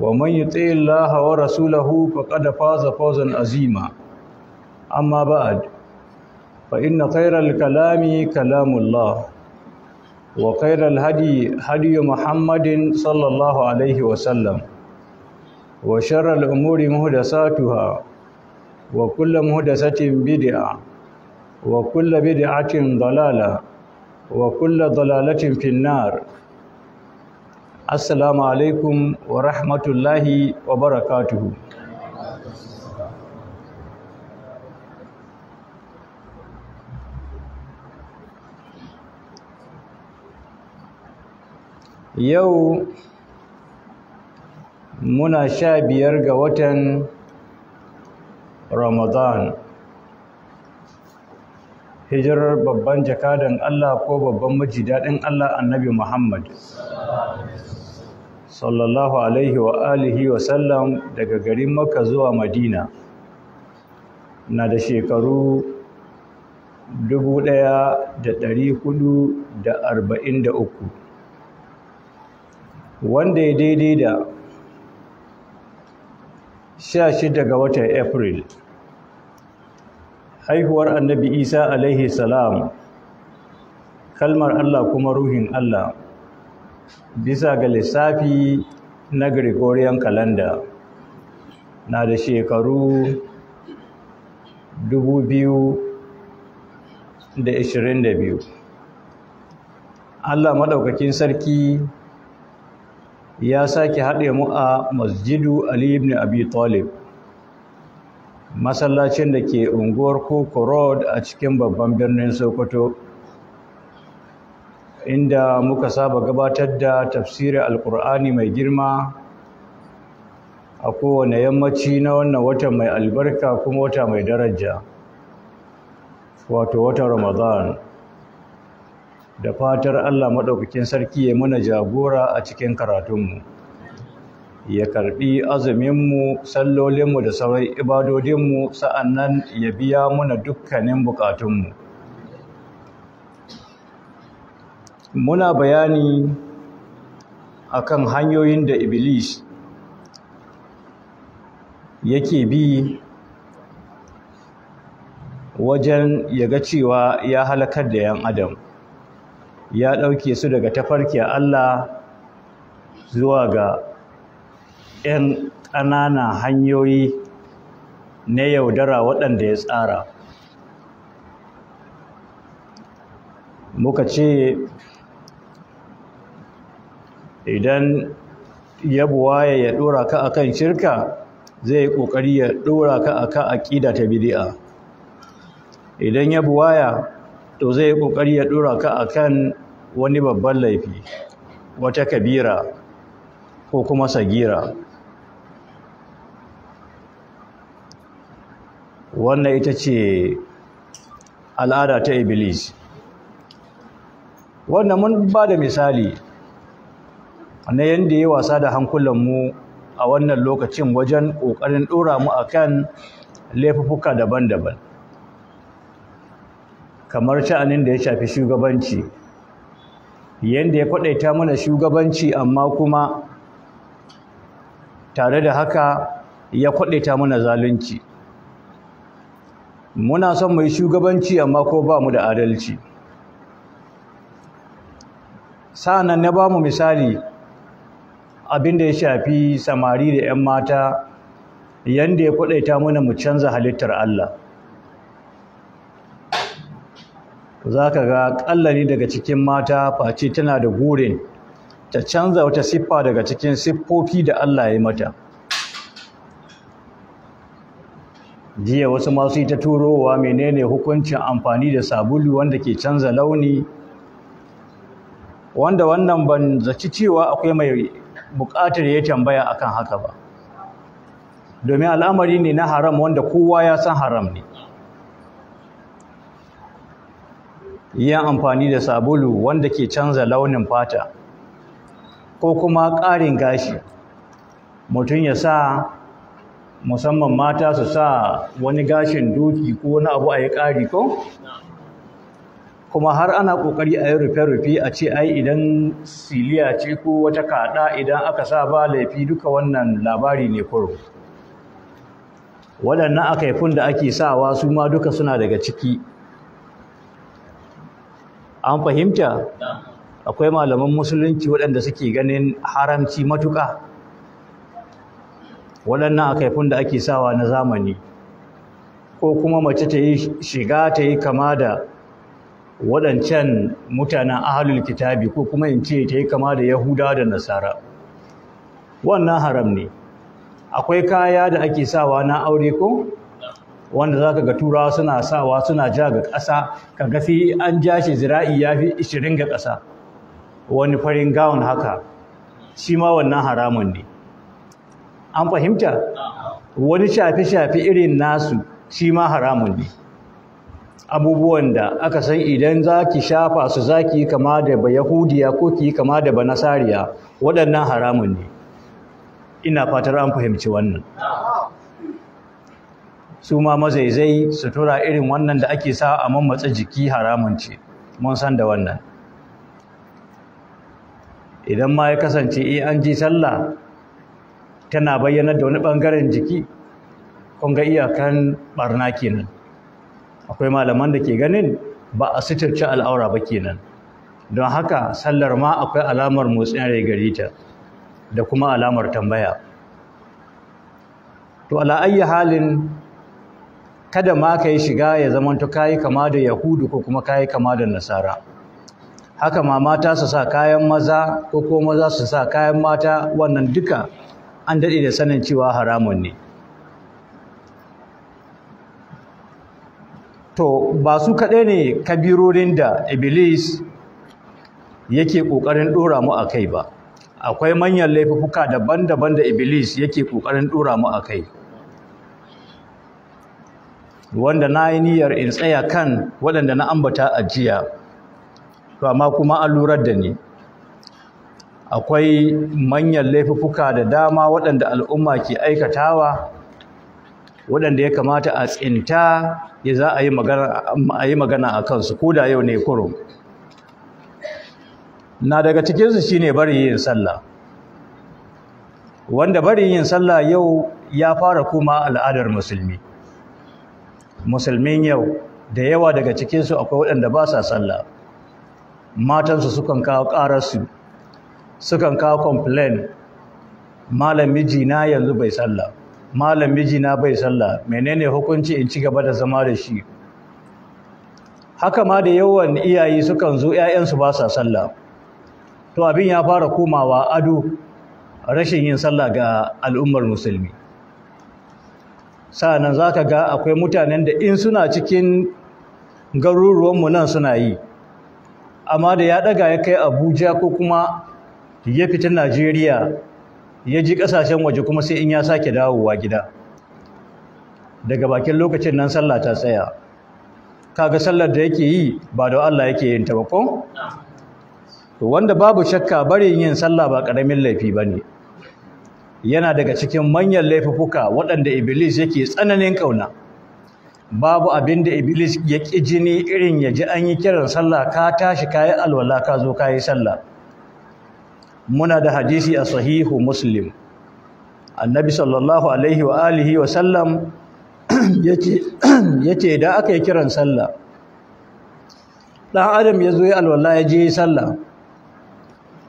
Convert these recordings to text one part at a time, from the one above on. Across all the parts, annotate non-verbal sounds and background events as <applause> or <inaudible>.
ومن يطع الله ورسوله فقد فاز فوزا عظيما أما بعد فإن خير الكلام كلام الله وخير الهدي هدي محمد صلى الله عليه وسلم وشر الأمور مهدساتها وكل مهدسة بدعة وكل بدعة ضلالة وكل ضلالة في النار assalamu alaikum wa rahmatullahi wa barakatuhu yau muna sha biyar ga watan ramadan hijirar babban jakadan Allah ko babban majidaɗin Allah annabi Muhammad sallallahu alaihi wa alihi wa sallam daga garin maka zuwa madina na da shekaru 1443 wanda ya daidai da 16 ga watan april haihuwar annabi isa alaihi salam kalmar allah kuma ruhin allah bisa ga lissafi na gregorian calendar na da shekaru 2022 allah maɗaukakin sarki ya sake haɗe mu a masjidu ali ibn abi talib masallacin da ke unguwar koko a cikin babban birnin sokoto inda muka saba gabatar da tafsirin alkur'ani mai girma a kowane yammaci na wannan wata mai albarka kuma wata mai daraja wato watan ramadan da fatar allah maɗaukakin sarki ya mana jagora a cikin karatunmu ya karɓi azuminmu sallolinmu da sauran ibadodinmu sa'annan ya biya mana dukkanin buƙatunmu muna bayani akan hanyoyin da iblis yake bi wajen ya ga cewa ya halakar da 'yan adam ya ɗauke su daga tafarkiyar Allah zuwa ga 'yan ƙanana hanyoyi na yaudara waɗanda ya tsara muka ce idan ya buwaye ya dora ka akan shirka zai yi ƙoƙari ya dora ka akan aƙida ta bid'a idan ya buwaya to zai yi ƙoƙari ya ɗora ka akan wani babban laifi wata kabira ko kuma sagira wannan ita ce al'ada ta iblis wannan mun ba da misali na yanda ya wasa da hankulan mu a wannan lokacin wajen ƙoƙarin ɗora mu a kan laifuka daban-daban kamar sha'anin da ya shafi shugabanci yadda ya kwaɗaita mana shugabanci amma kuma tare da haka ya kwaɗaita mana zalunci muna son mai shugabanci amma ko ba mu da adalci sa'annan na ba mu misali abin da ya shafi samari da 'yan mata yanda ya kwadaita mana mu canza halittar Allah za ka ga ƙallani daga cikin mata face tana da burin ta canza wata siffa daga cikin siffofi da Allah ya yi mata jiya wasu masu yi ta turowa menene hukuncin amfani da sabulu wanda ke canza launi wanda wannan ban zaci cewa akwai mai buƙatar ya tambaya akan haka ba domin al'amari ne na haram wanda kowa ya san haram ne yin amfani da sabulu wanda ke canza launin fata ko kuma ƙarin gashi mutum ya sa musamman mata su sa wani gashin doki ko wani abu a yi ƙari ko kuma har ana kokari a yi rufe-rufe a ce ai idan siliya ce ko wata kaɗa idan aka sa ba laifi duka wannan labari ne kuro waɗannan yi da ake sawa su ma duka suna daga ciki an fahimta akwai malaman musulunci waɗanda suke ganin haramci matuƙa waɗannan yi da ake sawa na zamani ko kuma mace ta yi shiga ta yi kama da waɗancan mutanen ahalul kitabi ko kuma in ce ta yi kama da yahuda da nasara wannan haram ne akwai kaya da ake sawa na aure ko wanda za ka ga turawa suna sawa suna ja ga ƙasa ka ga an ja shi zira'i ya fi ishirin ga ƙasa wani farin gawon haka shi ma wannan haramun ne an fahimta wani shafi-shafi irin nasu shi ma haramun ne abubuwan da aka san idan za ki shafa su za ki yi kama da ba yahudiya ko ki kama da ba Nasariya, waɗannan haramun ne ina fatar an fahimci wannan su ma mazaizai su tura irin wannan da ake sa a mammatsa jiki haramun ce mun san da wannan idan ma ya kasance e an ji sallah tana bayyanar da wani ɓangaren jiki kun ga iyakan barna kenan akwai malaman da ke ganin ba a sitirci al'aura ba kenan don haka sallar ma akwai alamar motsin rai gare ta da kuma alamar tambaya to ala halin kada ma ka yi shiga ya zamanto kayi kama da yahudu ko kuma kayi kama da nasara haka ma mata su sa kayan maza ko ko maza su sa kayan mata wannan duka an daɗe da sanin cewa haramun ne to ba su kaɗai ne kabirorin da iblis yake ƙoƙarin ɗora mu a kai ba akwai manyan laifuka daban-daban da iblis yake ƙoƙarin ɗora mu a kai wanda na yi niyyar in tsaya kan waɗanda na ambata a jiya to amma kuma an lura da ni akwai manyan laifuka da dama waɗanda al'umma ke aikatawa waɗanda ya kamata a tsinta ya za a yi magana a kansu ko da yau ne kurum na daga cikinsu shine bari yin sallah wanda bari yin sallah yau ya fara kuma al'adar musulmi musulmin yau da yawa daga cikinsu akwai waɗanda ba sa sallah matansu sukan kawo ƙararsu sukan kawo complain malam mijina yanzu bai sallah malam mijina bai sallah menene hukunci in ci gaba da zama da shi haka ma da yawan iyaye sukan zo ‘ya'yansu ba sa sallah to abin ya fara komawa ado rashin yin sallah ga al'ummar musulmi sa'annan za ka ga akwai mutanen da in suna cikin garuruwanmu nan suna yi amma da ya ɗaga ya kai abuja ko kuma ya fita najeriya ya ji ƙasashen waje kuma sai in ya sake dawowa gida daga bakin lokacin nan sallah ta tsaya kaga sallar da yake yi ba da Allah yake yin ta ba ko to wanda babu shakka barin yin sallah ba karamin laifi bane yana daga cikin manyan laifuka waɗanda iblis yake tsananin kauna babu abin da iblis ya ƙi jini irin ya ji an yi kiran sallah ka tashi kayi alwala ka zo kayi sallah muna da hadisi a sahihu muslim annabi sallallahu alaihi wa alihi wa sallam <clears throat> yace <clears throat> da aka yi kiran sallah dan adam ya zo ya alwala ya je sallah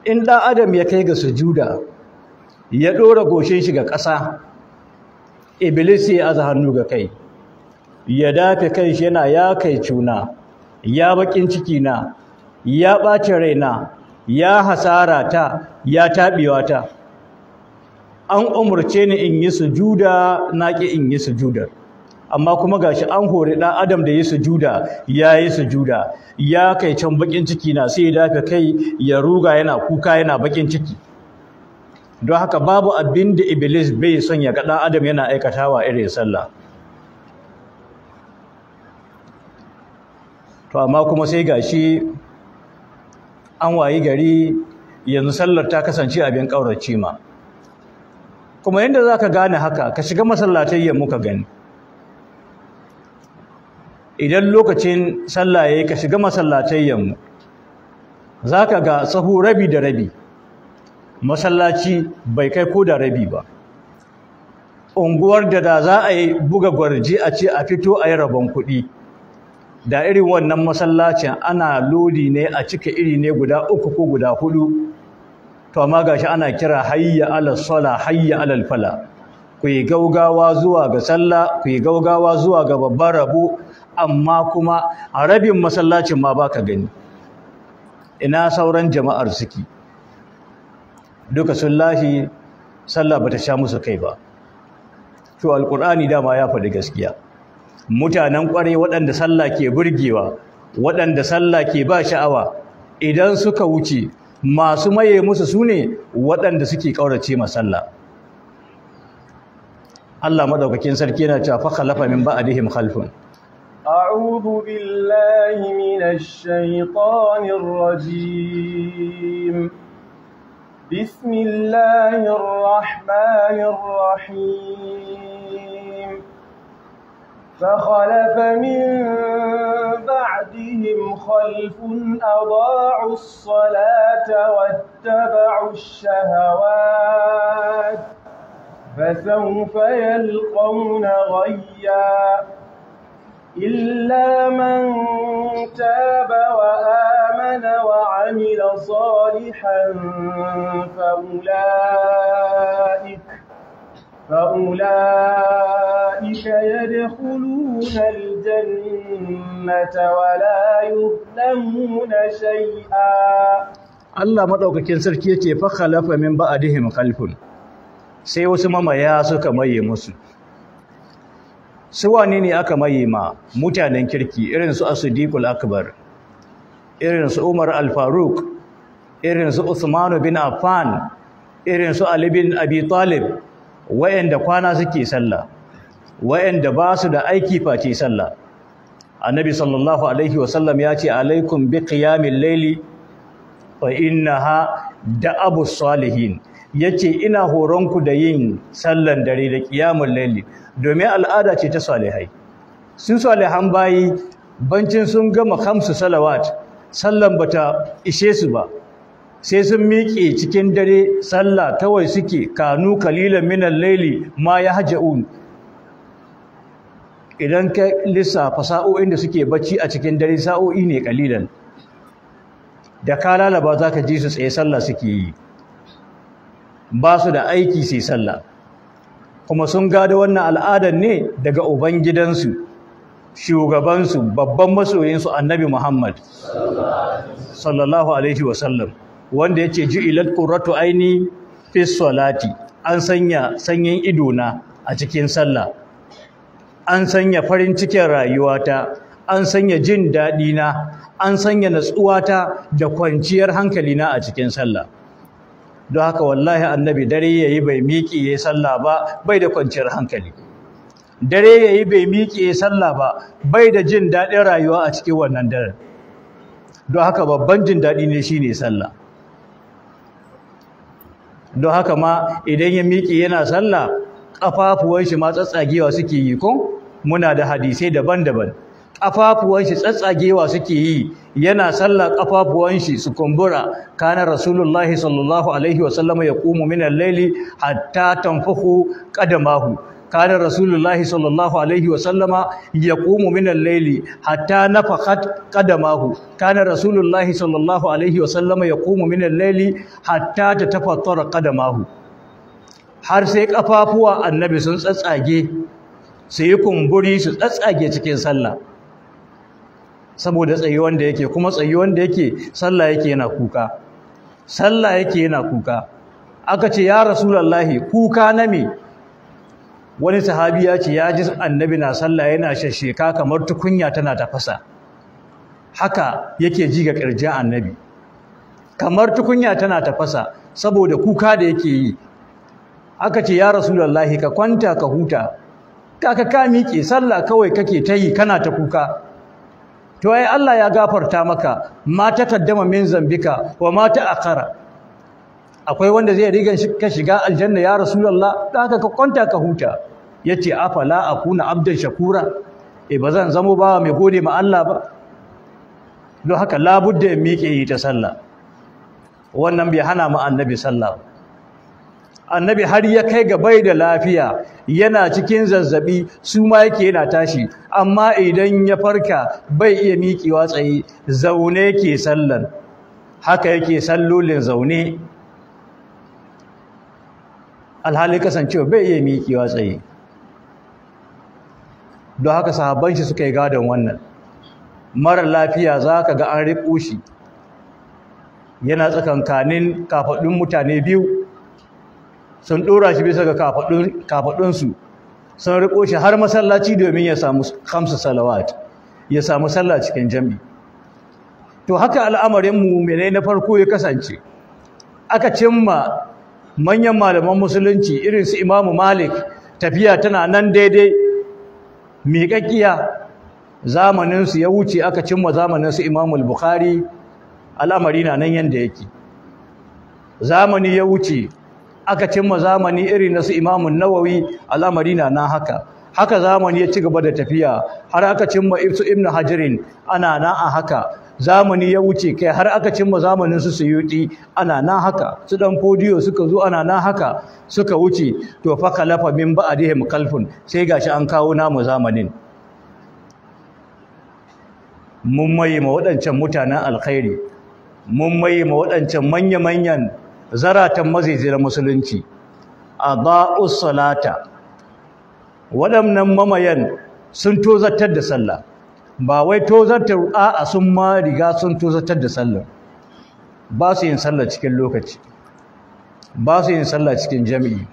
in dan adam ya kai ga sujuda ya ɗora goshin shi ga ƙasa iblis ya aza hannu ga kai ya dafe kai shi yana ya kai cuna ya bakin ciki na ya ɓace raina ya hasara ta ya taɓewa ta an umarce ni in yi sujuda na ƙi in yi sujudar amma kuma gashi an hori ɗan adam da yi sujuda ya yi sujuda ya kai can bakin ciki na sai ya dafe kai ya ruga yana kuka yana baƙin ciki don haka babu abin da iblis bai son ya ga ɗan adam yana aikatawa irin sallah to amma kuma sai gashi an wayi gari yanzu sallar ta kasance abin ƙaurace ma kuma yadda za ka gane haka ka shiga masallatai ya muka gani idan lokacin sallah ya yi ka shiga masallatai mu. za ka ga tsaho rabi da rabi masallaci bai kai ko da rabi ba unguwar da da za a yi buga gwarji a ce a fito a yi rabon kuɗi da irin wannan masallacin ana lodi ne a cika iri ne guda uku ko guda hudu to amma gashi ana kira hayya ala sala hayya ala fala ku yi gaugawa zuwa ga sallah ku yi gaugawa zuwa ga babban rabo amma kuma a rabin masallacin ma baka gani ina sauran jama'ar suke duka sun lashi sallah bata sha musu kai ba to alqur'ani dama ya faɗi gaskiya mutanen ƙware waɗanda sallah ke burgewa waɗanda sallah ke ba sha'awa idan suka wuce masu maye musu su ne waɗanda suke ƙaurace masalla Allah maɗaukakin sarki yana cewa fa khalafa min ba'dihim khalfun أعوذ بالله من الشيطان الرجيم بسم الله الرحمن الرحيم فخلف من بعدهم خلف أضاعوا الصلاة واتبعوا الشهوات فسوف يلقون غيا إلا من تاب وآمن وعمل صالحا فأولئك فأولئك يدخلون الجنة ولا يظلمون شيئا Allah madaukakin sarki yake fa khalafa min ba'dihim khalfun sai wasu mamaya suka maye musu su Wanene ne aka maye ma mutanen kirki irin su As-Siddiqul Akbar irin su Umar Al-Faruq irin su Uthman bin Affan irin su Ali bin Abi Talib wayanda kwana suke sallah wayanda ba su da aiki face sallah annabi sallallahu alaihi wasallam ya ce alaikum bi qiyamil layli wa innaha da'abu salihin yace ina horonku da yin sallan dare da qiyamul layli domin al'ada ce ta salihai sun salihan bayi bancin sun gama khamsu salawat sallan bata ishe su ba sai sun miƙe cikin dare sallah wai suke kanu kalilan minan laili ma ya haja'un idan ka lissafa sa'o'in da suke bacci a cikin dare sa'o'i ne kalilan da ka lalaba za ka ji su tsaye sallah suke yi ba su da aiki sai sallah kuma sun gada wannan al'adar ne daga ubangidansu shugabansu babban masoyinsu annabi muhammad sallallahu alaihi wasallam wanda yace ju'ilat qurratu aini fi an sanya sanyin idona a cikin sallah an sanya farin cikin rayuwata an sanya jin daɗi na an sanya natsuwata da kwanciyar hankali na a cikin sallah don haka wallahi annabi dare yayi bai miƙi yayi sallah ba bai da kwanciyar hankali dare yayi bai miƙi yayi sallah ba bai da jin daɗin rayuwa a cikin wannan dare don haka babban jin daɗi ne shine sallah don haka ma idan ya miƙe yana salla ƙafafuwan shi ma tsatsagewa suke yi ko muna da hadisai daban-daban ƙafafuwan shi tsatsagewa suke yi yana salla ƙafafuwan shi su kumbura kana rasulullahi sallallahu alaihi wa ya qumu minan laili hatta tanfuhu qadamahu kana rasulullahi sallallahu alaihi wa sallama yaqumu min al Laili? hatta nafakhat qadamahu kana rasulullahi sallallahu alaihi wa sallama yaqumu min al Laili? hatta tatafattara qadamahu har sai kafafuwa annabi sun tsatsage su yi kumburi su tsatsage cikin sallah saboda tsayuwan da yake kuma tsayuwan da yake sallah yake yana kuka sallah yake yana kuka aka ce ya rasulullahi kuka na me wani sahabi ya ce ya ji annabi na sallah yana shasheka kamar tukunya tana tafasa haka yake ji ga ƙirjin annabi kamar tukunya tana tafasa saboda kuka da yake yi aka ce ya rasulullahi ka kwanta ka huta kaka ka miƙe sallah kawai kake ta yi kana ta kuka to ai Allah ya gafarta maka ma ta kaddama min zambika wa ma ta aqara akwai wanda zai riga ka shiga aljanna ya rasulullah da haka ka kwanta ka huta yace afala akuna abdan shakura eh bazan zamo ba mai gode ma Allah ba don haka labudda in miƙe yi ta sallah wannan bai hana mu annabi sallah annabi har ya kai ga bai da lafiya yana cikin zazzabi su ma yake yana tashi amma idan ya farka bai iya miƙewa tsaye zaune yake sallan haka yake sallolin zaune alhali kasancewa bai iya miƙewa tsaye don haka sahabban shi suka yi gadon wannan Mara lafiya za ka ga an riƙo shi yana tsakankanin kafaɗun mutane biyu sun ɗora shi bisa ga kafaɗunsu sun riƙo shi har masallaci domin ya samu kamsa salawat ya samu sallah cikin jami to haka al'amarin mu na farko ya kasance aka cimma manyan malaman musulunci irin su imamu malik tafiya tana nan daidai miƙaƙiya zamaninsu ya wuce aka cimma zamaninsu imamu bukhari al'amari na nan yadda yake zamani ya wuce aka cimma zamani irin na su imamu nawawi al'amari na nan haka haka zamani ya ci gaba da tafiya har aka cimma ibsu ibnu hajirin ana na a haka zamani ya wuce kai har aka cimma zamanin su suyuti ana nan haka su dan fodiyo suka zo ana nan haka suka wuce to fa kalafa min ba adihim kalfun sai gashi an kawo namu zamanin mun maye ma waɗancan mutanen alkhairi mun maye ma waɗancan manya-manyan zaratan mazaiziyar musulunci a ba'us salata waɗannan mamayan sun tozatar da sallah ba wai tozartar a'a sun ma riga sun tozartar da sallar ba su yin sallar cikin lokaci ba su yin sallah cikin jami'i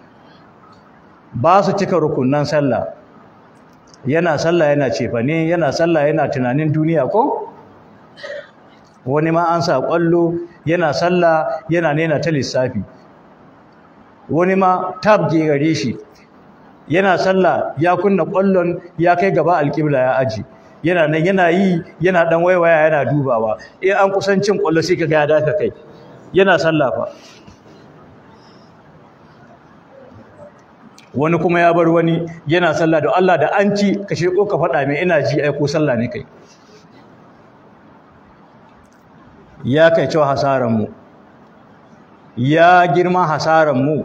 ba su cika rukunan sallah yana sallah yana cefane yana sallah yana tunanin duniya ko wani ma an sa kwallo yana sallah yana nena ta lissafi wani ma tabge gare shi yana sallah ya kunna kwallon ya kai gaba alƙibla ya aji yana nan yana yi yana dan waiwaya yana dubawa in an kusan cin kwallo sai kaga ya daka kai yana sallafa wani kuma ya bar wani yana sallah da Allah da an ci ka sheko ka faɗa mai ina ji ai ko sallah ne kai ya kai cewa hasaran mu ya girma hasaran mu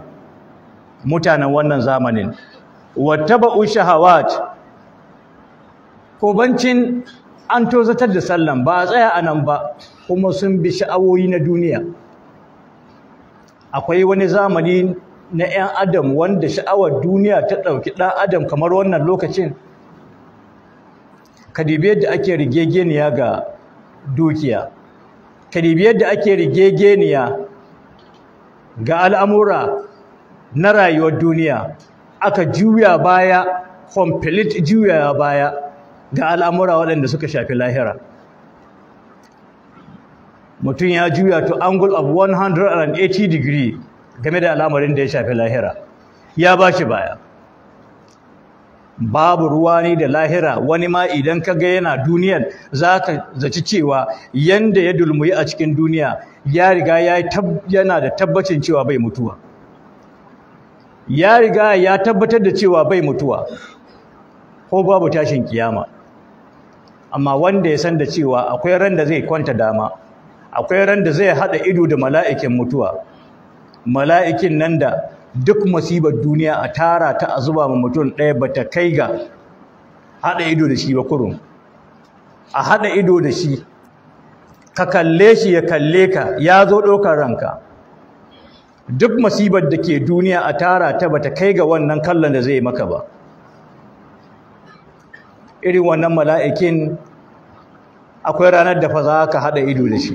mutanen wannan zamanin wattaba'u shahawat ko bancin an tozatar da sallan ba a tsaya a nan ba kuma sun bi sha'awoyi na duniya akwai wani zamani na 'yan adam wanda sha'awar duniya ta ɗauki ɗan adam kamar wannan lokacin kadibiyar yadda ake rigegeniya ga dukiya kadibiyar yadda ake rigegeniya ga al'amura na rayuwar duniya aka juya baya complete juya baya ga al'amura waɗanda suka shafi lahira mutum ya juya to angle of 180 degree game da al'amarin da ya shafi lahira ya ba shi baya babu ruwa ne da lahira wani ma idan ka ga yana duniyar za ka zaci cewa yanda ya dulmuyi a cikin duniya ya riga yana da tabbacin cewa bai mutuwa ya riga ya tabbatar da cewa bai mutuwa ko babu tashin kiyama amma wanda ya san da cewa akwai ran da zai kwanta dama akwai ran da zai hada ido da mala'ikin mutuwa mala'ikin nan da duk musibar duniya a tara ta a zuba ma mutum ɗaya ba ta kai ga hada ido da shi ba kurun a hada ido da shi ka kalle shi ya kalle ka ya zo ɗaukar ranka duk musibar da ke duniya a tara ta ba ta kai ga wannan kallon da zai maka ba irin wannan mala'ikin akwai ranar da fa za ka haɗa ido da shi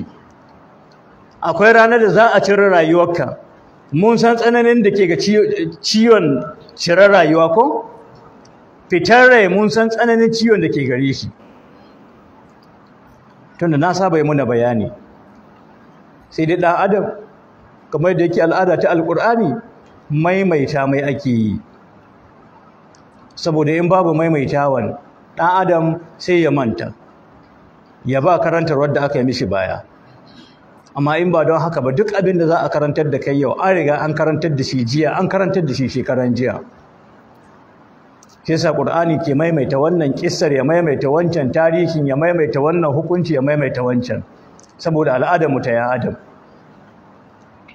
akwai ranar da za a cire rayuwarka mun san tsananin da ke ga ciwon cire rayuwa ko fitar rai mun san tsananin ciwon da ke gare shi tunda na saba yi muna bayani sai dai ɗan adam kamar da yake al'ada ta alƙur'ani maimaita mai ake yi saboda in babu maimaitawan ɗan adam sai ya manta ya ba karantar wadda aka yi mishi baya amma in ba don haka ba duk abin da za a karantar da kai yau an riga an karantar da shi jiya an karantar da shi shekaran jiya kisa ƙur'ani ke maimaita wannan kissar ya maimaita wancan tarihin ya maimaita wannan hukunci ya maimaita wancan saboda al'adar mu ta ya adam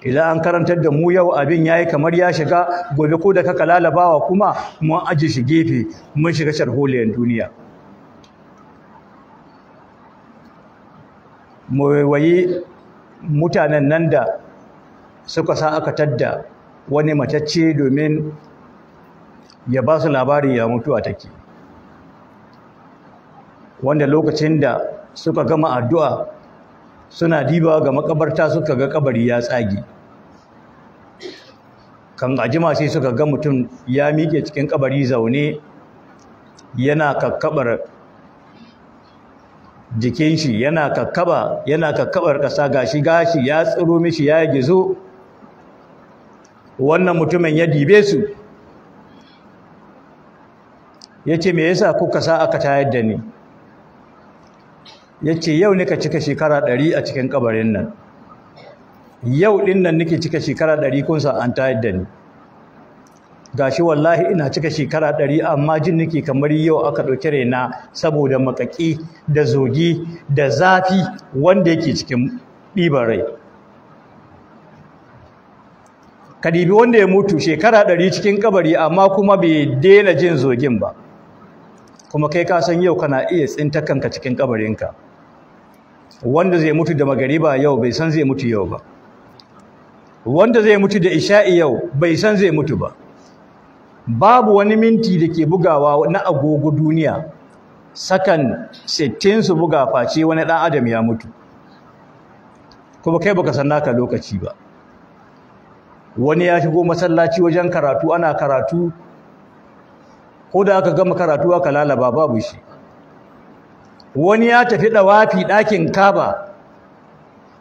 idan an karantar da mu yau abin yayi kamar ya shiga gobe ko da ka kalalabawa kuma mun aje shi gefe mun shiga sharholiyan duniya mu wayi mutanen nan da suka sa aka tadda wani matacce domin ya ba su labarin ya mutu a take wanda lokacin da suka gama addu'a suna dibawa ga makabarta suka ga kabari ya tsage kan ajima sai suka ga mutum ya miƙe cikin kabari zaune yana kakkabar jikin shi yana kakkaba yana kakkabar ƙasa gashi gashi ya tsiro mishi ya gizo wannan mutumin ya dibe su ya ce me yasa kuka sa aka tayar da ni Ya ce yau nika cika shekara ɗari a cikin kabarin nan yau ɗin nan nake cika shekara ɗari kun sa an tayar da ni gashi wallahi ina cika shekara ɗari amma jin nake kamar yau aka ɗauki raina saboda makaƙi da zogi da zafi wanda yake cikin ɗiban rai ka ɗibi wanda ya mutu shekara ɗari cikin kabari amma kuma bai daina jin zogin ba kuma kai ka san yau kana iya tsinta kanka cikin kabarinka wanda zai mutu da magariba yau bai san zai mutu yau ba wanda zai mutu da isha'i yau bai san zai mutu ba babu wani minti da ke bugawa na agogo duniya sakan 60 su buga face wani ɗan adam ya mutu kuma kai baka san naka lokaci ba wani ya shigo masallaci wajen karatu ana karatu ko da aka gama karatu aka lalaba babu shi wani ya tafi dawafi ɗakin kaba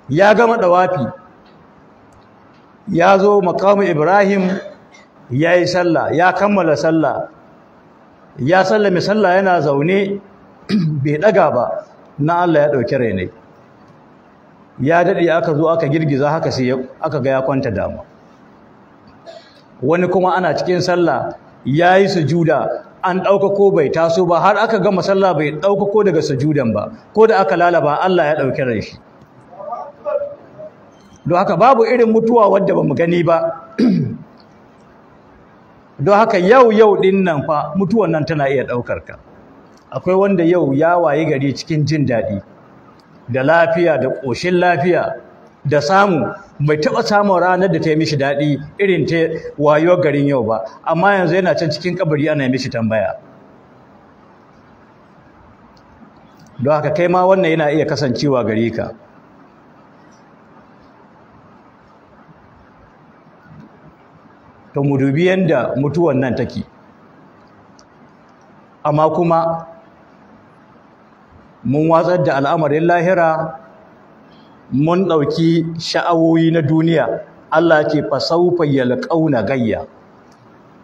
ya gama dawafi ya zo makamu ibrahim ya yi sallah ya kammala sallah ya sallame sallah yana zaune <clears throat> bai ɗaga ba na allah ya ɗauki rainai ya daɗe aka zo aka girgiza haka sai aka ga ya kwanta dama wani kuma ana cikin sallah ya yi su juda. an ɗaukako bai taso ba har aka gama sallah bai ɗaukako daga sujudan ba ko da aka lalaba Allah ya ɗauki ran shi don haka babu irin mutuwa wadda ba mu gani ba <clears throat> don haka yau yau ɗin nan fa mutuwan nan tana iya ɗaukar ka akwai wanda yau ya wayi gari cikin jin daɗi da lafiya da ƙoshin lafiya da samu bai taɓa samun ranar da ta yi mishi daɗi irin ta wayo garin yau ba amma yanzu yana can cikin kabari ana yi mishi tambaya don haka kai ma wannan yana iya kasancewa gari ka to mu dubi yadda mutuwan nan take amma kuma mun watsar da al'amarin lahira mun ɗauki sha'awoyi na duniya Allah ce fasaufa yalƙauna gayya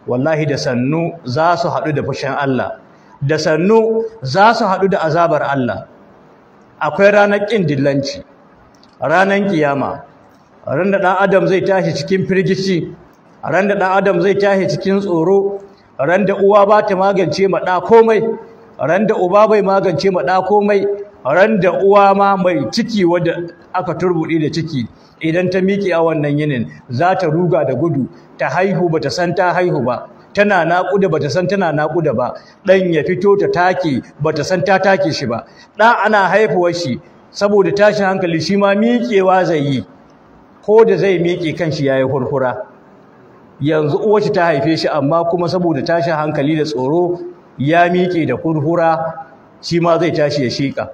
wallahi da sannu za su haɗu da fushin Allah da sannu za su haɗu da azabar Allah akwai ranar ƙin dillanci ranar ƙiyama. ran da ɗan adam zai tashi cikin firgici ran da ɗan adam zai tashi cikin tsoro ran da uwa ba ta magance ma ɗa komai ran da uba bai magance ma ɗa komai ran da uwa ma mai ciki wadda aka turbuɗe da ciki idan ta miƙe a wannan yinin za ta ruga da gudu ta haihu ba ta san ta haihu ba tana naƙuda ba ta san tana naƙuda ba ɗan ya fito ta take ba ta san ta take shi ba ɗa ana haifuwar shi saboda tashin hankali shi ma miƙewa zai yi ko da zai miƙe kan shi ya yi hurhura yanzu uwace ta haife shi amma kuma saboda tashin hankali da tsoro ya miƙe da hurhura shi ma zai tashi ya shiƙa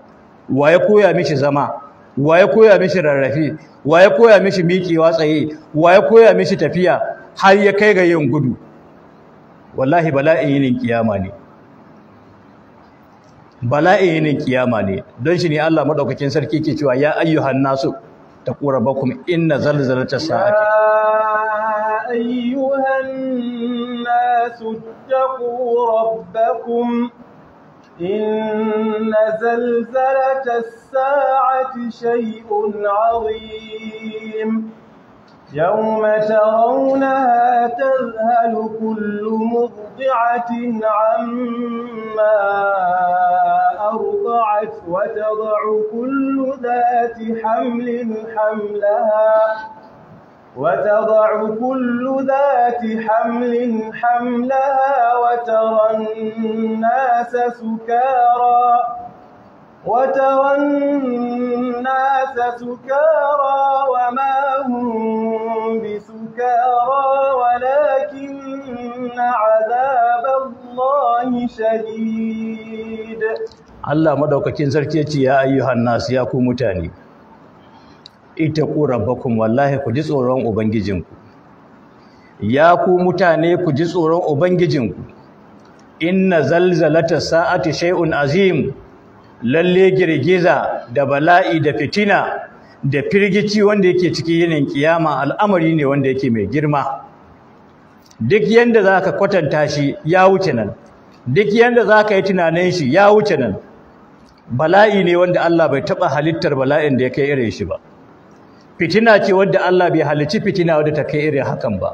wa ya koya mishi zama wa ya koya mishi rarrafe wa ya koya mishi miƙewa tsaye wa ya koya mishi tafiya har ya kai ga yin gudu wallahi bala'in yinin kiyama ne bala'in yinin kiyama ne don shi ne Allah madaukakin sarki ke cewa ya ayyuhan nasu taqurabakum inna zalzalatas sa'ati ayyuhan nasu taqurabakum إن زلزلة الساعة شيء عظيم يوم ترونها تذهل كل مرضعة عما أرضعت وتضع كل ذات حمل حملها وتضع كل ذات حمل حملها وترى الناس سكارى وترى الناس سكارى وما هم بسكارى ولكن عذاب الله شديد الله مدوكاكين سركيتي يا أيها الناس يا كو متاني ita rabbakum wallahi ku ji tsoron ubangijinku ya ku mutane ku ji tsoron ubangijinku inna zalzalata sa'ati shay'un azim lalle girgiza da bala'i da fitina da firgici wanda yake cikin yinin kiyama al'amari ne wanda yake mai girma duk yanda zaka kwatanta shi ya wuce nan duk yanda zaka yi tunanin shi ya wuce nan bala'i ne wanda Allah bai taɓa halittar bala'in da ya kai irin shi ba fitina ce wadda Allah bai halici fitina wadda ta kai irin hakan ba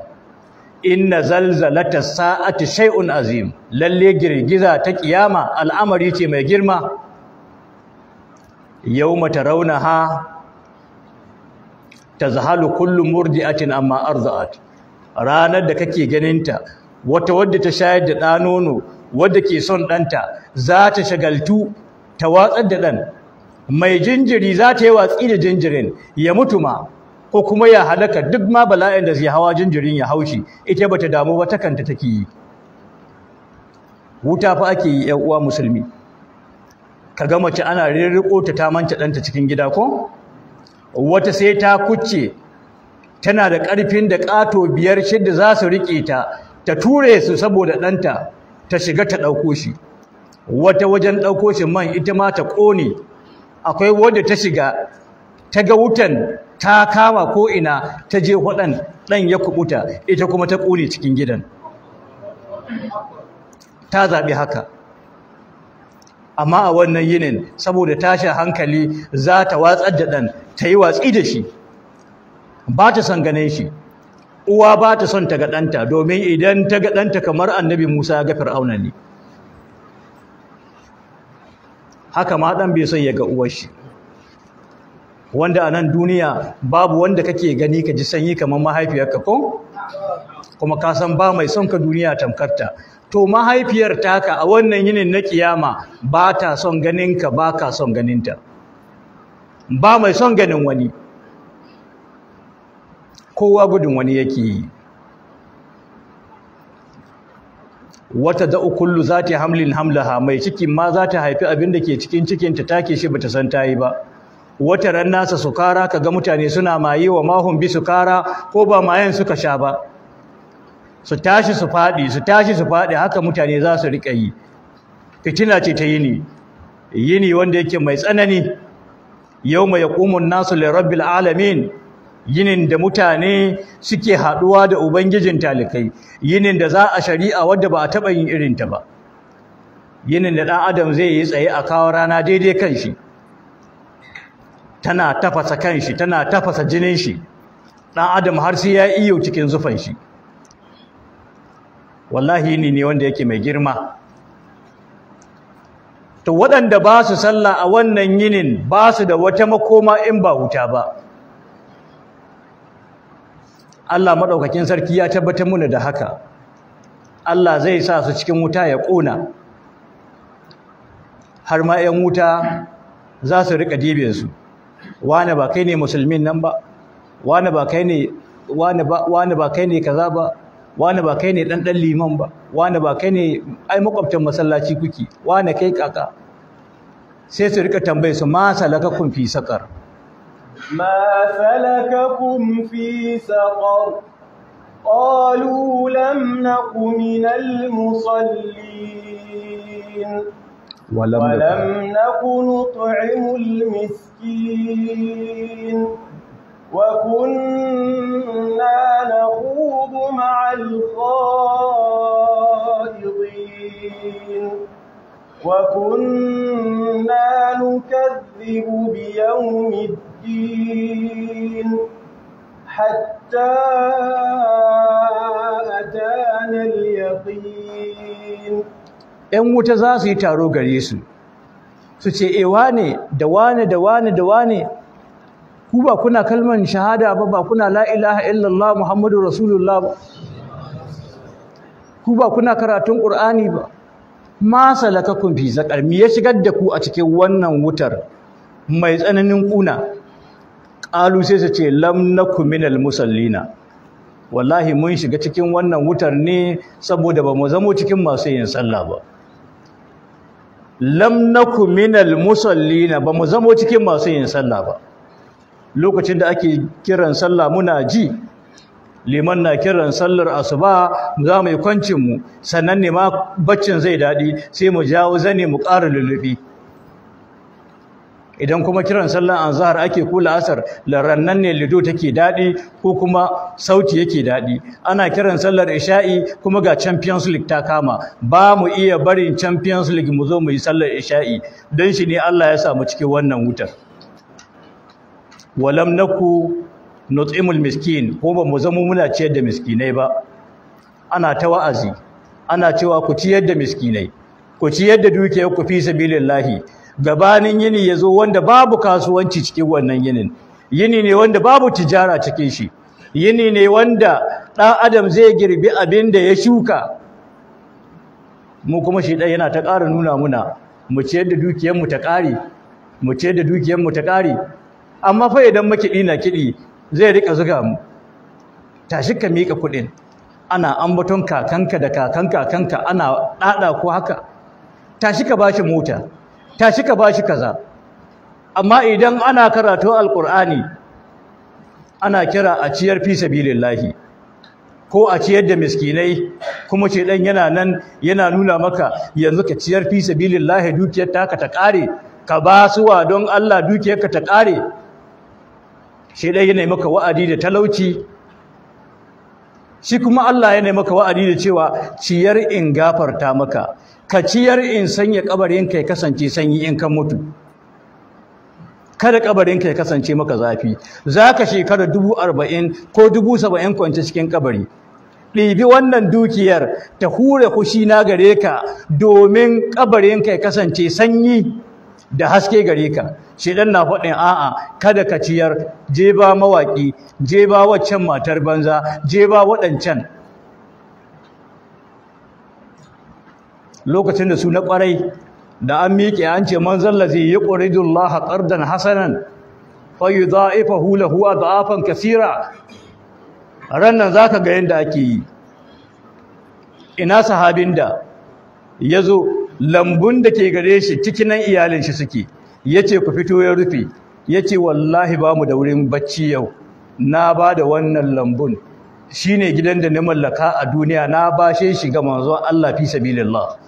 inna zalzalata sa'ati shay'un azim lalle girgiza ta kiyama al'amari ce mai girma yawma tarawnaha tazhalu kullu murdi'atin amma arza'at ranar da kake ganinta wata wadda ta shayar da ɗa nono wadda ke son ɗanta za ta shagaltu ta watsar da ɗan mai jinjiri za ta yi watsi da jinjirin ya mutu ma ko kuma ya halaka duk ma bala'in da zai hawa jinjirin ya haushi ita bata damu ba ta kanta take yi wuta fa ake yi ƴan uwa musulmi kaga mace ana rirriko ta ta manta ɗanta cikin gida ko wata sai ta kucce tana da ƙarfin da ƙato biyar shidda za su riƙe ta ta ture su saboda ɗanta ta shiga ta ɗauko shi wata wajen ɗauko shi man ita ma ta ƙone akwai wanda ta shiga ta ga wutan ta kama ko'ina ta je waɗan ɗan ya kubuta ita kuma ta ƙone cikin gidan ta zaɓi haka amma a wannan yinin saboda tashin hankali za ta watsar da ɗan ta yi watsi da shi ba ta son ganin shi uwa ba ta son ta ga ɗanta domin idan ta ga ɗanta kamar annabi musa ga fir'auna ne haka ma ɗan bai son ya ga uwar shi wanda a nan duniya babu wanda kake gani ka ji sanyi kamar mahaifiyarka ko kuma ka san ba mai son ka duniya tamkarta to mahaifiyar taka a wannan yinin na kiyama ba ta son ganin ka ba ka son ganinta ba mai son ganin wani kowa gudun wani yake yi wata da kullu ta hamlin hamlaha mai ciki ma za ta haifi abin da ke cikin cikin ta take shi bata san yi ba wata ran nasa sukara ga mutane suna maye wa mahun bi sukara ko ba mayan suka sha ba su tashi su faɗi, su tashi su faɗi, haka mutane za su rika yi fitina ce ta yini yini wanda yake mai tsanani Yau ya yaqumun nasu lirabbil alamin yinin da mutane suke haɗuwa da ubangijin talikai yinin da za a shari'a wadda ba a taɓa yin irinta ba yinin da ɗan adam zai yi tsaye a kawo rana daidai kan shi tana tafasa kan shi tana tafasa jinin shi ɗan adam har sai ya iyo cikin zufan shi wallahi yini ne wanda yake mai girma to waɗanda ba su sallah a wannan yinin ba su da wata makoma in ba wuta ba Allah maɗaukakin sarki ya tabbatar mana da haka Allah zai sa su cikin wuta ya ƙona har ma 'yan wuta za su riƙa dibinsu wane wani ba kai ne musulmin nan ba wani ba kai ne wani ba wani ba kai ne kaza ba ba kai ne dan dan liman ba wani ba kai ne ai makwabtan masallaci kuki wani kai kaka sai su rika tambaye su ma salaka fi sakar ما سلككم في سقر قالوا لم نق من المصلين ولم, ولم نق نطعم المسكين وكنا نخوض مع الخائضين وكنا نكذب بيوم الدين الدين حتى أتانا اليقين إن متزاسي تارو غريسو su ce e wane da wane da wane da wane ku ba kuna kalman shahada ba ba kuna la ilaha illallah muhammadu rasulullah ba ku ba kuna karatun qur'ani ba ma salakakum fi zaqar me ya shigar da ku a cikin wannan wutar mai tsananin kuna alu sai su ce lamna minal musallina wallahi mun shiga cikin wannan wutar ne saboda ba mu zamo cikin masu yin sallah ba Lamna minal musallina ba mu zamo cikin masu yin sallah ba lokacin da ake kiran sallah muna ji liman na kiran sallar asuba za mu yi kwancin mu sannan ne ma baccin zai daɗi, sai mu jawo zane mu ƙara lullubi idan kuma kiran sallar anzahar ake ko la'asar larannan ne lido take daɗi ko kuma sauti yake daɗi, ana kiran sallar isha'i kuma ga Champions League ta kama ba mu iya barin Champions League mu zo mu yi sallar isha'i dan shi ne Allah ya samu cikin wannan wutar walam naku nut'imul miskin ko ba mu zama muna ciyar da miskinai ba ana ta wa'azi ana cewa ku ciyar da miskinai ku ciyar da dukiyar ku fi sabilillahi gabanin yini ya zo wanda babu kasuwanci cikin wannan yinin yini ne wanda babu tijara cikin shi yini ne wanda ɗan adam zai girbi abin da ya shuka mu kuma shi ɗaya yana ta ƙara nuna muna mu ciyar da dukiyarmu ta ƙari mu ciyar da dukiyarmu ta ƙare amma fa idan makiɗi na kiɗi zai riƙa zuga mu tashi ka miƙa kuɗin ana ambaton kakanka da kakan kakanka ana ɗaɗa ko haka tashi ka bashi mota Ta shi ka ba shi kaza amma idan ana karatu alkur'ani ana kira a ciyar fi sabilillahi ko a ciyar da miskinai kuma ce dan yana nan yana nuna maka yanzu ka ciyar fi sabilillahi dukiyar taka ta kare ka ba su wa don Allah dukiyar ka ta kare shi dai yana maka wa'adi da talauci shi kuma Allah yana maka wa'adi da cewa ciyar in gafarta maka ka ciyar in sanya kabarinka ya kasance sanyi in ka mutu kada kabarinka ya kasance maka zafi za ka shekara dubu arba'in ko dubu saba'in kwance cikin kabari ɗibi wannan dukiyar ta hure kushi na gare ka domin kabarinka ya kasance sanyi da haske gare ka shedan na faɗin a'a kada ka ciyar je ba mawaƙi je ba waccan matar banza je ba waɗancan lokacin da su na ƙwarai da an miƙe an ce lazi zallazi ya laha ƙardan hasanan fayu ifa hula huwa afan kasira rannan za ka ga yadda ake yi ina sahabin da ya zo lambun da ke gare shi cikinan iyalin shi suke ya ce ku fito ya rufe ya ce wallahi ba mu da wurin bacci yau na ba da wannan lambun shine gidan da na mallaka a duniya na bashe shi ga manzon Allah fi sabilillah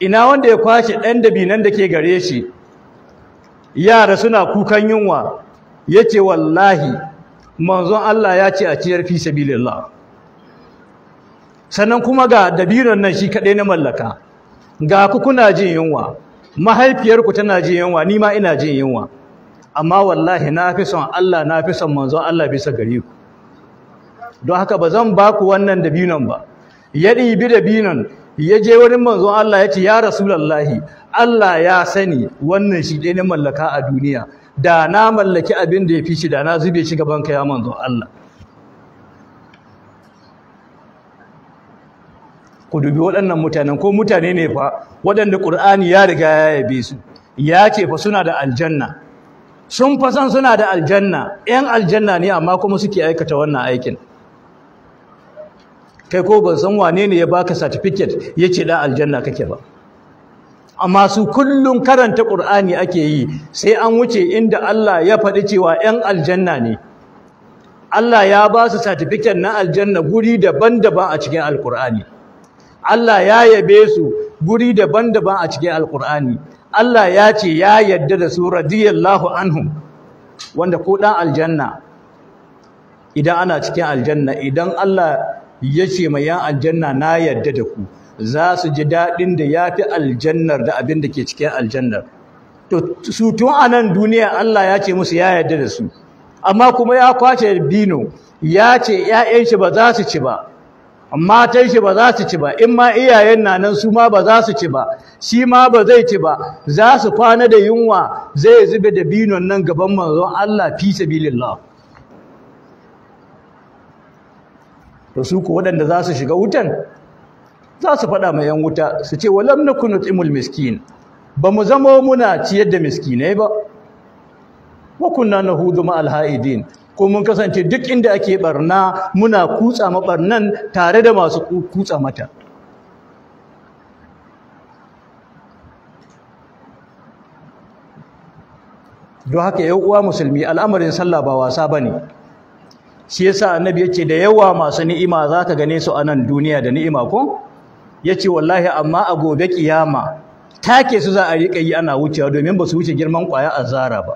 ina wanda ya kwashe ɗan nan da ke gare shi yara suna kukan yunwa ya ce wallahi manzon Allah ya ce a ciyar fi sabilillah sannan kuma ga dabinon nan shi kaɗai na mallaka ga ku kuna jin yunwa mahaifiyarku tana jin yunwa ni ma ina jin yunwa amma wallahi na fi son Allah na fi son manzon Allah bisa gare ku don haka ba zan ba ku wannan dabinon ba ya ɗibi dabinon ya je wurin manzon Allah ya ce ya rasulallahi Allah ya sani wannan shi ɗaya ne mallaka a duniya da na mallaki abin da ya fi shi da na zube shi gaban ka ya manzon Allah ku dubi waɗannan mutanen ko mutane ne fa waɗanda ƙur'ani ya riga ya yabe su ya ce fa suna da aljanna sun fasan suna da aljanna 'yan aljanna ne amma kuma suke aikata wannan aikin kai ko ban san wane ne ya baka certificate ya ce da aljanna kake ba amma su kullum karanta qur'ani ake yi sai an wuce inda Allah ya faɗi cewa 'yan aljanna ne Allah ya ba su certificate na aljanna guri daban-daban a cikin alqur'ani Allah ya yabe su guri daban-daban a cikin alqur'ani Allah ya ce ya yarda da su radiyallahu anhum wanda ko dan aljanna idan ana cikin aljanna idan Allah ya ce ma yan aljanna na yarda da ku za su ji daɗin da ya fi aljannar da abin da ke cikin aljannar to su tun a nan duniya Allah ya ce musu ya yarda da su amma kuma ya kwace bino ya ce ‘ya'yan shi ba za su ci ba matan shi ba za su ci ba in ma iyayen na nan su ma ba za su ci ba shi ma ba zai ci ba za su kwana da yunwa zai zube da binon nan gaban manzon Allah fi sabilillah to su ku waɗanda za su shiga wutan za su faɗa ma 'yan wuta su ce walam na kunu tsimul miskin ba mu zama muna ciyar da miskinai ba wa na hudu ma alha'idin ko mun kasance duk inda ake barna muna kutsa mabarnan tare da masu kutsa mata don haka 'yan uwa musulmi al'amarin sallah ba wasa ba ne shi yasa annabi yace da yawa masu ni'ima zaka gane su a nan duniya da ni'ima ko yace wallahi amma a gobe kiyama take su za a rika yi ana wucewa domin ba su wuce girman kwaya azara ba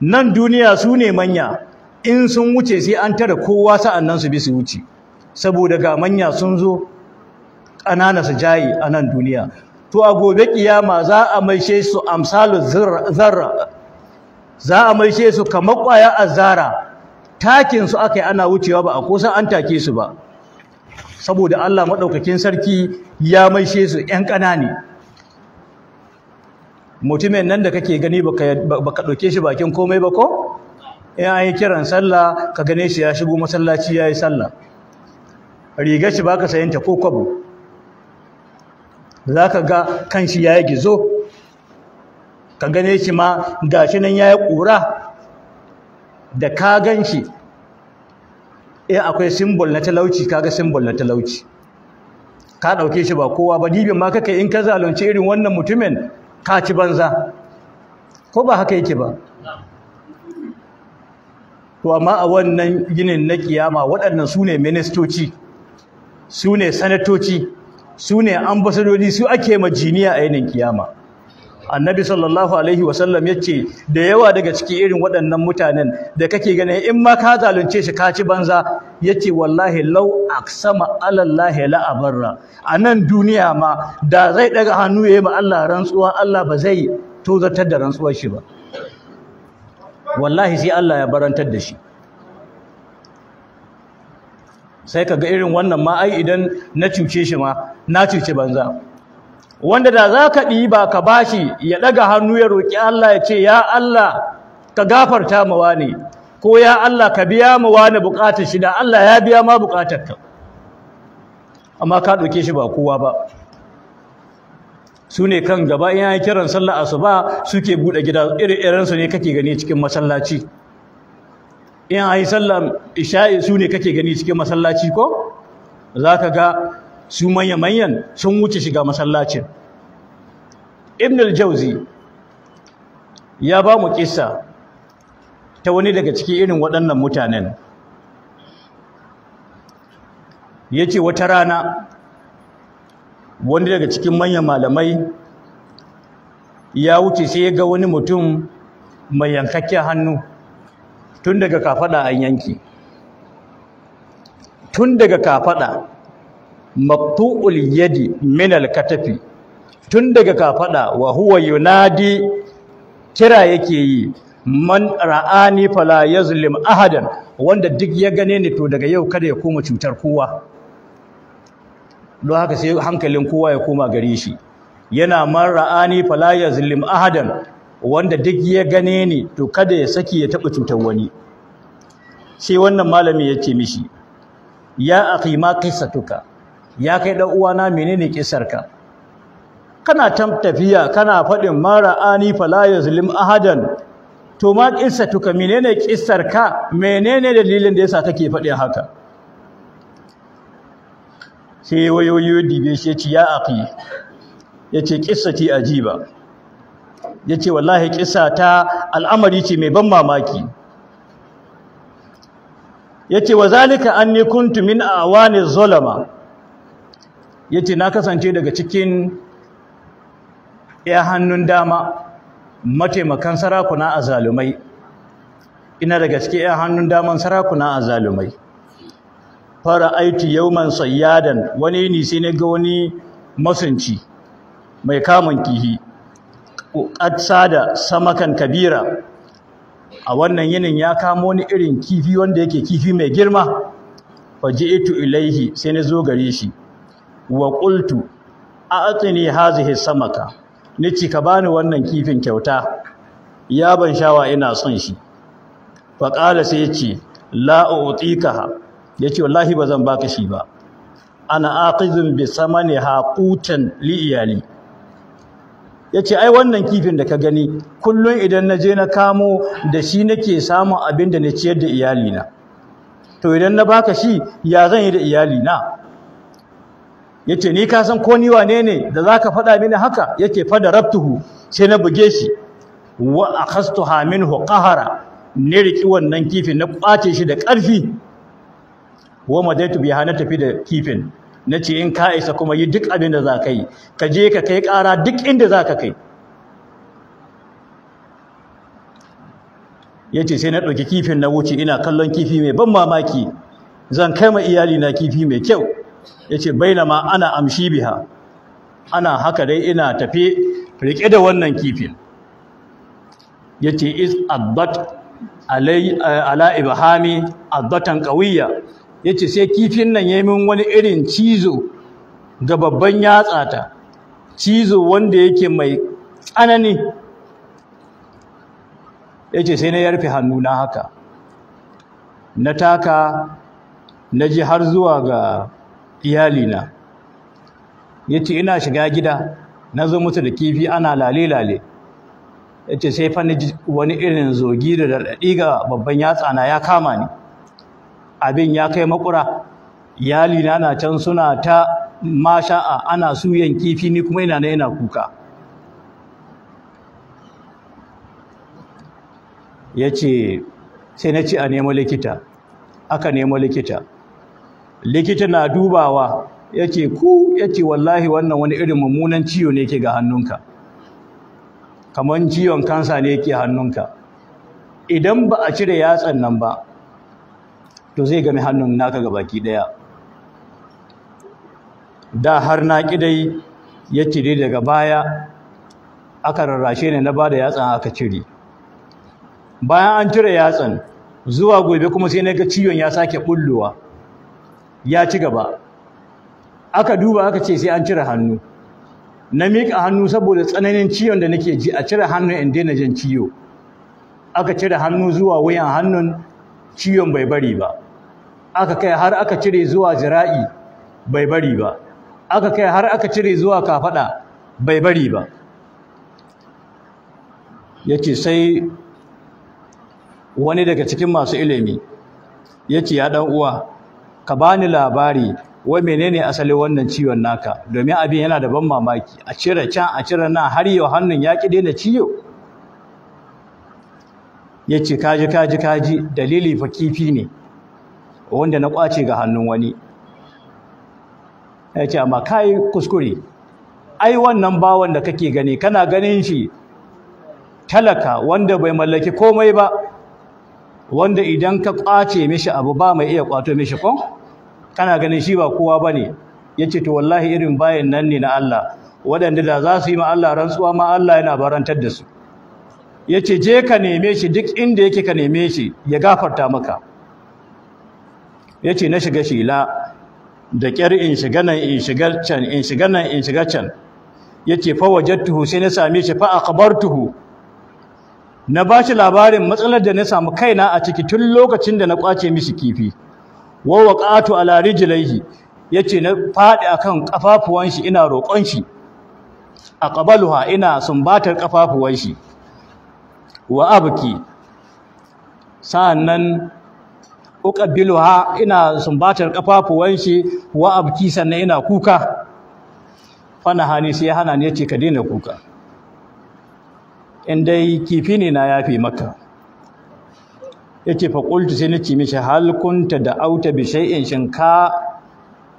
nan duniya su ne manya in sun wuce sai an tara kowa sa'annan su bi su wuce saboda ga manya sun zo ƙanana su jayi a nan duniya to a gobe kiyama za a maishe su amsalu zarra za a maishe su kamar kwaya azara takin su aka yi ana wucewa ba a kusan an take su ba saboda Allah maɗaukakin sarki ya maishe su ‘yan ƙanani mutumin nan da kake gani ba ka ɗauke shi bakin komai ba ko an yi kiran sallah ka gane shi ya shigo masallaci ya yi sallah riga shi ba ka sayanta ko kwabo za ka ga kan shi ya yi gizo ka gane shi ma gashi nan ya yi ƙura da ka gan shi e akwai simbol na talauci kaga simbol na talauci ka ɗauke shi ba kowa ba dibin ma kake in ka zalunci irin wannan mutumin ka ci banza ko ba haka yake ba to amma a wannan ginin na kiyama waɗannan su ne ministoci su ne sanatoci su ne ambasadodi su ake majiniya a yinin kiyama annabi sallallahu alaihi wasallam ya ce da yawa daga cikin irin waɗannan mutanen da kake ganin in ma ka zalunce shi ka ci banza ya ce wallahi lau sama alallahi la'abarra a nan duniya ma da zai ɗaga hannu ya yi ma Allah rantsuwa Allah ba zai tozartar da rantsuwar shi ba wallahi sai Allah ya barantar da shi sai ka ga irin wannan ma ai idan na cuce shi ma na cuce banza wanda da za ka ba ka bashi ya ɗaga hannu ya roƙi Allah ya ce ya Allah ka gafarta mawa ne ko ya Allah ka biya mawa ne buƙatar shi da Allah ya biya ma buƙatar ka amma ka ɗauke shi ba kowa ba su ne kan gaba in yi kiran sallah asuba suke buɗe gida irin su ne kake gani cikin masallaci in yi sallah isha'i su ne kake gani cikin masallaci ko za ka ga su manya-manyan sun wuce shiga masallacin ibn al-jauzi ya ba mu kissa ta wani daga cikin irin waɗannan mutanen ya ce wata rana wani daga cikin manyan malamai ya wuce sai ya ga wani mutum mai yankakken hannu tun daga kafaɗa an yanki tun daga kafaɗa maqtu'ul yadi min al tun daga kafaɗa, wa huwa yunadi kira yake yi man ra'ani fala yazlim ahadan wanda duk ya gane ni to daga yau kada ya koma cutar kowa don haka sai hankalin kowa ya koma gare shi yana man ra'ani fala yazlim ahadan wanda duk ya gane ni to kada ya saki ya taba cutar wani sai wannan malami ya ce mishi ya akhi ma qissatuka ya kai ɗan uwana menene kisarka kana tam tafiya kana fadin Ani, fala yazlim ahadan to ma tuka menene kisarka menene dalilin da yasa kake faɗi haka sai wayoyi dibe shi yace ya aqi yace qissati ajiba yace wallahi ta al'amari ce mai ban mamaki yace wazalika anni kuntu min awani zulama ya ce na kasance daga cikin ya hannun dama mataimakan sarakuna a zalumai ina daga cikin ya hannun daman sarakuna a zalumai fara aiki yauman sayyadan wani ne sai na ga wani masunci mai kamun kihi da samakan kabira a wannan yinin ya kamo wani irin kifi wanda yake kifi mai girma faji'tu ilaihi sai na zo gare shi wa qultu a'tini hazihi samaka nici ka bani wannan kifin kyauta ya ban shawa ina son shi fa qala sai yace la ya yace wallahi ba zan baka shi ba ana aqizun bi samaniha qutan li iyali yace ai wannan kifin da ka gani kullun idan na je na kamo da shi nake samun abin da na ciyar da iyali na. to idan na baka shi ya zan yi da na? yace ni ka san ko ni wane ne da zaka faɗa mini haka yake fada rabtuhu sai na buge shi wa akhastuha minhu qahara ne riki wannan kifin na kwace shi da ƙarfi wa madaitu biha na tafi da kifin nace in ka isa kuma yi duk abin da za ka yi ka je ka kai ƙara duk inda za ka kai Yace sai na ɗauki kifin na wuce ina kallon kifi mai ban mamaki zan kai ma iyali na kifi mai kyau Ya ce, yace ma ana amshi biha ana haka dai ina tafi rike da wannan kifin ce, is abbat alai ala ibhami addatan qawiyya ce sai kifin nan yayi min wani irin cizo ga babban yatsa ta. cizo wanda yake mai tsanani Ya ce sai na yarfe na haka na taka na ji har zuwa ga iyalina ya ce ina shiga gida na zo musu da kifi ana lale-lale ya ce sai fa wani irin zogi da raɗaɗi ga babban yatsa na ya kama ni abin ya kai makura iyalina na can suna ta masha'a ana suyan kifi ni kuma ina na yana kuka ya ce sai na ci a nemo likita aka nemo likita likita na dubawa yake ku yace wallahi wannan wani irin mummunan ciwo ne yake ga hannunka kaman ciwon kansa ne yake hannunka idan ba a cire yatsan nan ba to zai game hannun naka gabaki daya da har na kidai ya cire daga baya aka rarrashe ne na bada yatsan aka cire bayan an cire yatsan zuwa gobe kuma sai na ga ciwon ya sake bullowa ya ci gaba aka duba aka ce sai an cire hannu na miƙa hannu saboda tsananin ciwon da nake ji a cire hannun in daina jin ciwo aka cire hannu zuwa wuyan hannun ciwon bai bari ba aka kai har aka cire zuwa jira'i bai bari ba aka kai har aka cire zuwa kafada bai bari ba yace sai wani daga cikin masu ilimi yace ya dan uwa ka bani labari wai menene asalin wannan ciwon naka domin abin yana da ban mamaki a cire can a cire nan har yau hannun ya ƙi daina ciwo ya ce kaji kaji kaji dalili fa kifi ne wanda na kwace ga hannun wani ya ce amma kai kuskure ai wannan bawan da kake gani kana ganin shi talaka wanda bai mallaki komai ba wanda idan ka kwace mishi abu ba mai iya kwato mishi kon kana ganin shi ba kowa ba bane yace to wallahi irin bayan nan ne na Allah waɗanda da za su yi ma Allah rantsuwa ma yana barantar da su yace je ka neme shi duk inda yake ka neme shi ya gafarta maka yace na shiga shila da ƙyar in shiga nan in shiga can in shiga nan in shiga can yace fa wajadtuhu sai na same shi fa akhbartuhu na bashi labarin matsalar da na samu kaina a ciki tun lokacin da na kwace mishi kifi wa waqatu ala rijlaihi yace na fadi akan kafafuwan shi ina roƙon shi aqbaluha ina sumbatar kafafuwan shi wa abki sa'annan uqabiluha ina sumbatar kafafuwan shi wa abki sannan ina kuka fana hani sai hana ne yace ka daina kuka in dai kifi ne na yafi maka yace fa qultu sai nace mishi hal kunta da auta bi shay'in shin ka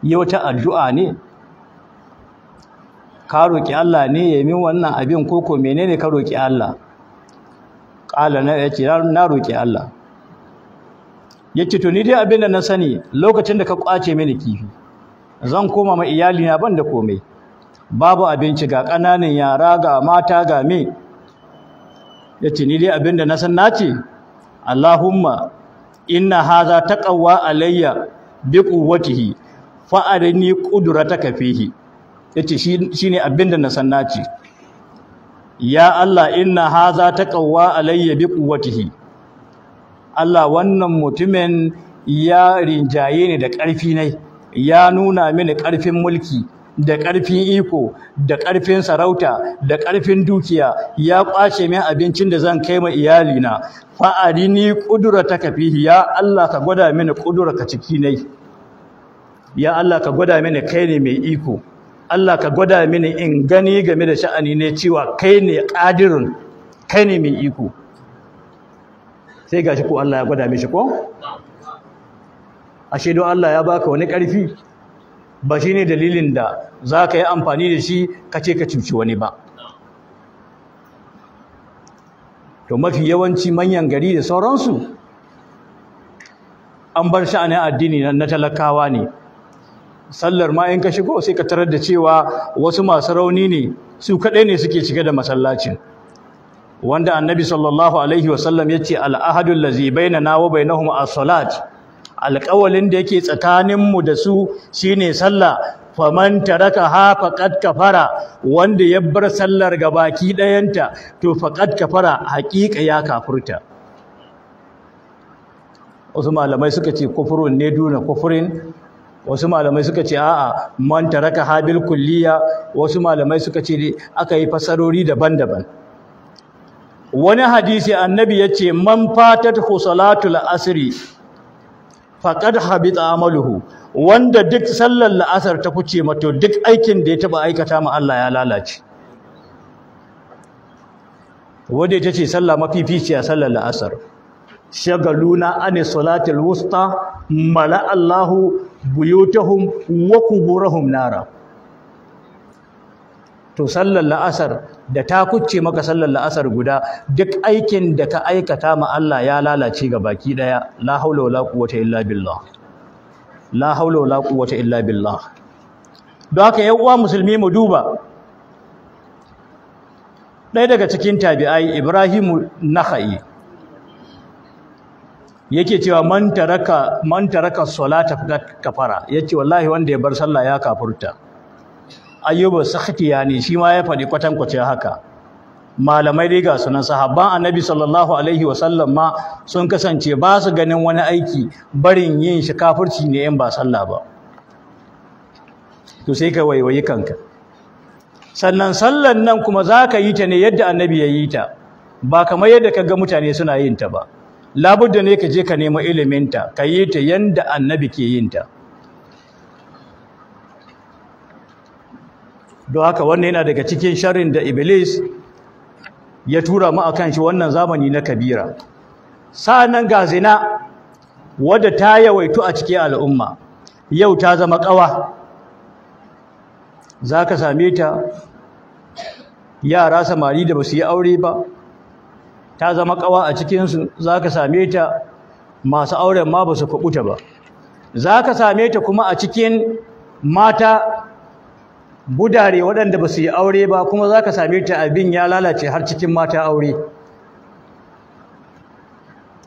yi wata addu'a ne ka roki Allah ne ya min wannan abin koko menene ka roki Allah qala na yace na roki Allah yace to ni dai abin da na sani lokacin da ka kwace mini kifi zan koma ma iyali na ban da komai babu abinci ga ƙananan yara ga mata ga me yace ni dai abin da na san nace Allahumma inna haza taqawwa alayya bi quwwatihi fa arini qudrataka fihi yace shine abinda na san naci ya Allah inna haza taqawwa alayya bi Allah wannan mutumin ya rinjaye ni da ƙarfi ne ya nuna mini ƙarfin mulki da ƙarfin iko da ƙarfin sarauta da ƙarfin dukiya ya ƙwace min abincin da zan kai ma iyalina fa'arini ƙudurata ka fihi ya Allah ka gwada mini ka ciki nai ya Allah ka gwada mini kai ne mai iko Allah ka gwada mini in gani game da sha'ani ne cewa kai ne ƙadirin kai ne mai iko sai gashi ko Allah ya gwada mishi ko ashe don Allah ya baka wani ƙarfi ba shi ne dalilin da za ka yi amfani da shi ka ce ka cuci wani ba to mafi yawanci manyan gari da sauransu an bar sha'anin addini na talakawa ne sallar ma in ka shigo sai ka tarar da cewa wasu masu rauni ne su kaɗai ne suke cike da masallacin wanda annabi sallallahu alaihi wasallam ya ce al'ahadun lazi na wa bainahum as-salat alƙawalin da yake tsakaninmu da su shine sallah faman taraka ha faqad kafara wanda ya bar sallar gabaki ɗayanta to faqad kafara haƙiƙa ya kafurta wasu malamai suka ce kufurun ne duna kufurin wasu malamai suka ce a'a man taraka habil kulliya wasu malamai suka ce aka yi fasarori daban-daban wani hadisi annabi yace man fatat salatul asri Faƙar habita amaluhu wanda duk sallar la'asar ta kuce mato duk aikin da ya taɓa aikata ma Allah ya lalace wadda ita ce sallah a sallar la'asar shagaluna ane salatil wusta Mala'allahu Allahu buyutahum wa nara to sallar la'asar da ta kucce maka sallar la'asar guda duk aikin da ka aikata ma Allah ya lalace ga baki daya la haula wala quwwata illa billah la haula wala quwwata illa billah don haka yau uwa musulmi mu duba ɗaya daga cikin tabi'ai Ibrahim Nakhai yake cewa man taraka man taraka salata kafara yace wallahi wanda ya bar sallah ya kafurta ayyubu sakhtiyani shi ma ya faɗi kwace haka malamai dai ga sunan sahabban annabi sallallahu alaihi wa sallam ma sun kasance ba su ganin wani aiki barin yin shi kafirci ne in ba sallah ba to sai ka waiwayi kanka sannan sallan nan kuma za ka yi ta ne yadda annabi ya yi ta ba kamar yadda ka ga mutane suna yin ta ba labudda ne ka je ka ilimin iliminta ka yi ta yadda annabi ke yin ta don haka wannan yana daga cikin sharrin da iblis ya tura mu akan shi wannan zamani na kabira Sa nan ga zina wadda ta yawaitu a cikin al'umma yau ta zama kawa zaka same ta yara samari da basu yi aure ba ta zama kawa a cikin su zaka same ta masu auren ma basu kubuta ba zaka same ta kuma a cikin mata budare waɗanda ba su yi aure ba kuma za ka same ta abin ya lalace har cikin mata aure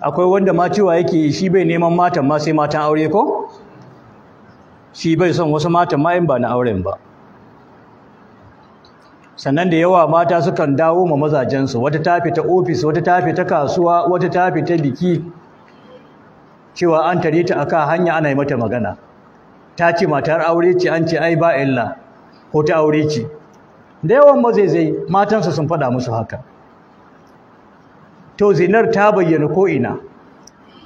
akwai wanda ma cewa yake shi bai neman matan ma sai matan aure ko shi bai son wasu matan ma in ba na auren ba sannan da yawa mata sukan dawo ma mazajensu wata ta fita ofis wata ta fita kasuwa wata ta fita biki cewa an tare ta akan hanya ana yi mata magana ta ce matar aure ce an ce ai ba illa ko ta aure ce da yawan mazaizai matansa sun faɗa musu haka to zinar ta bayyana ko'ina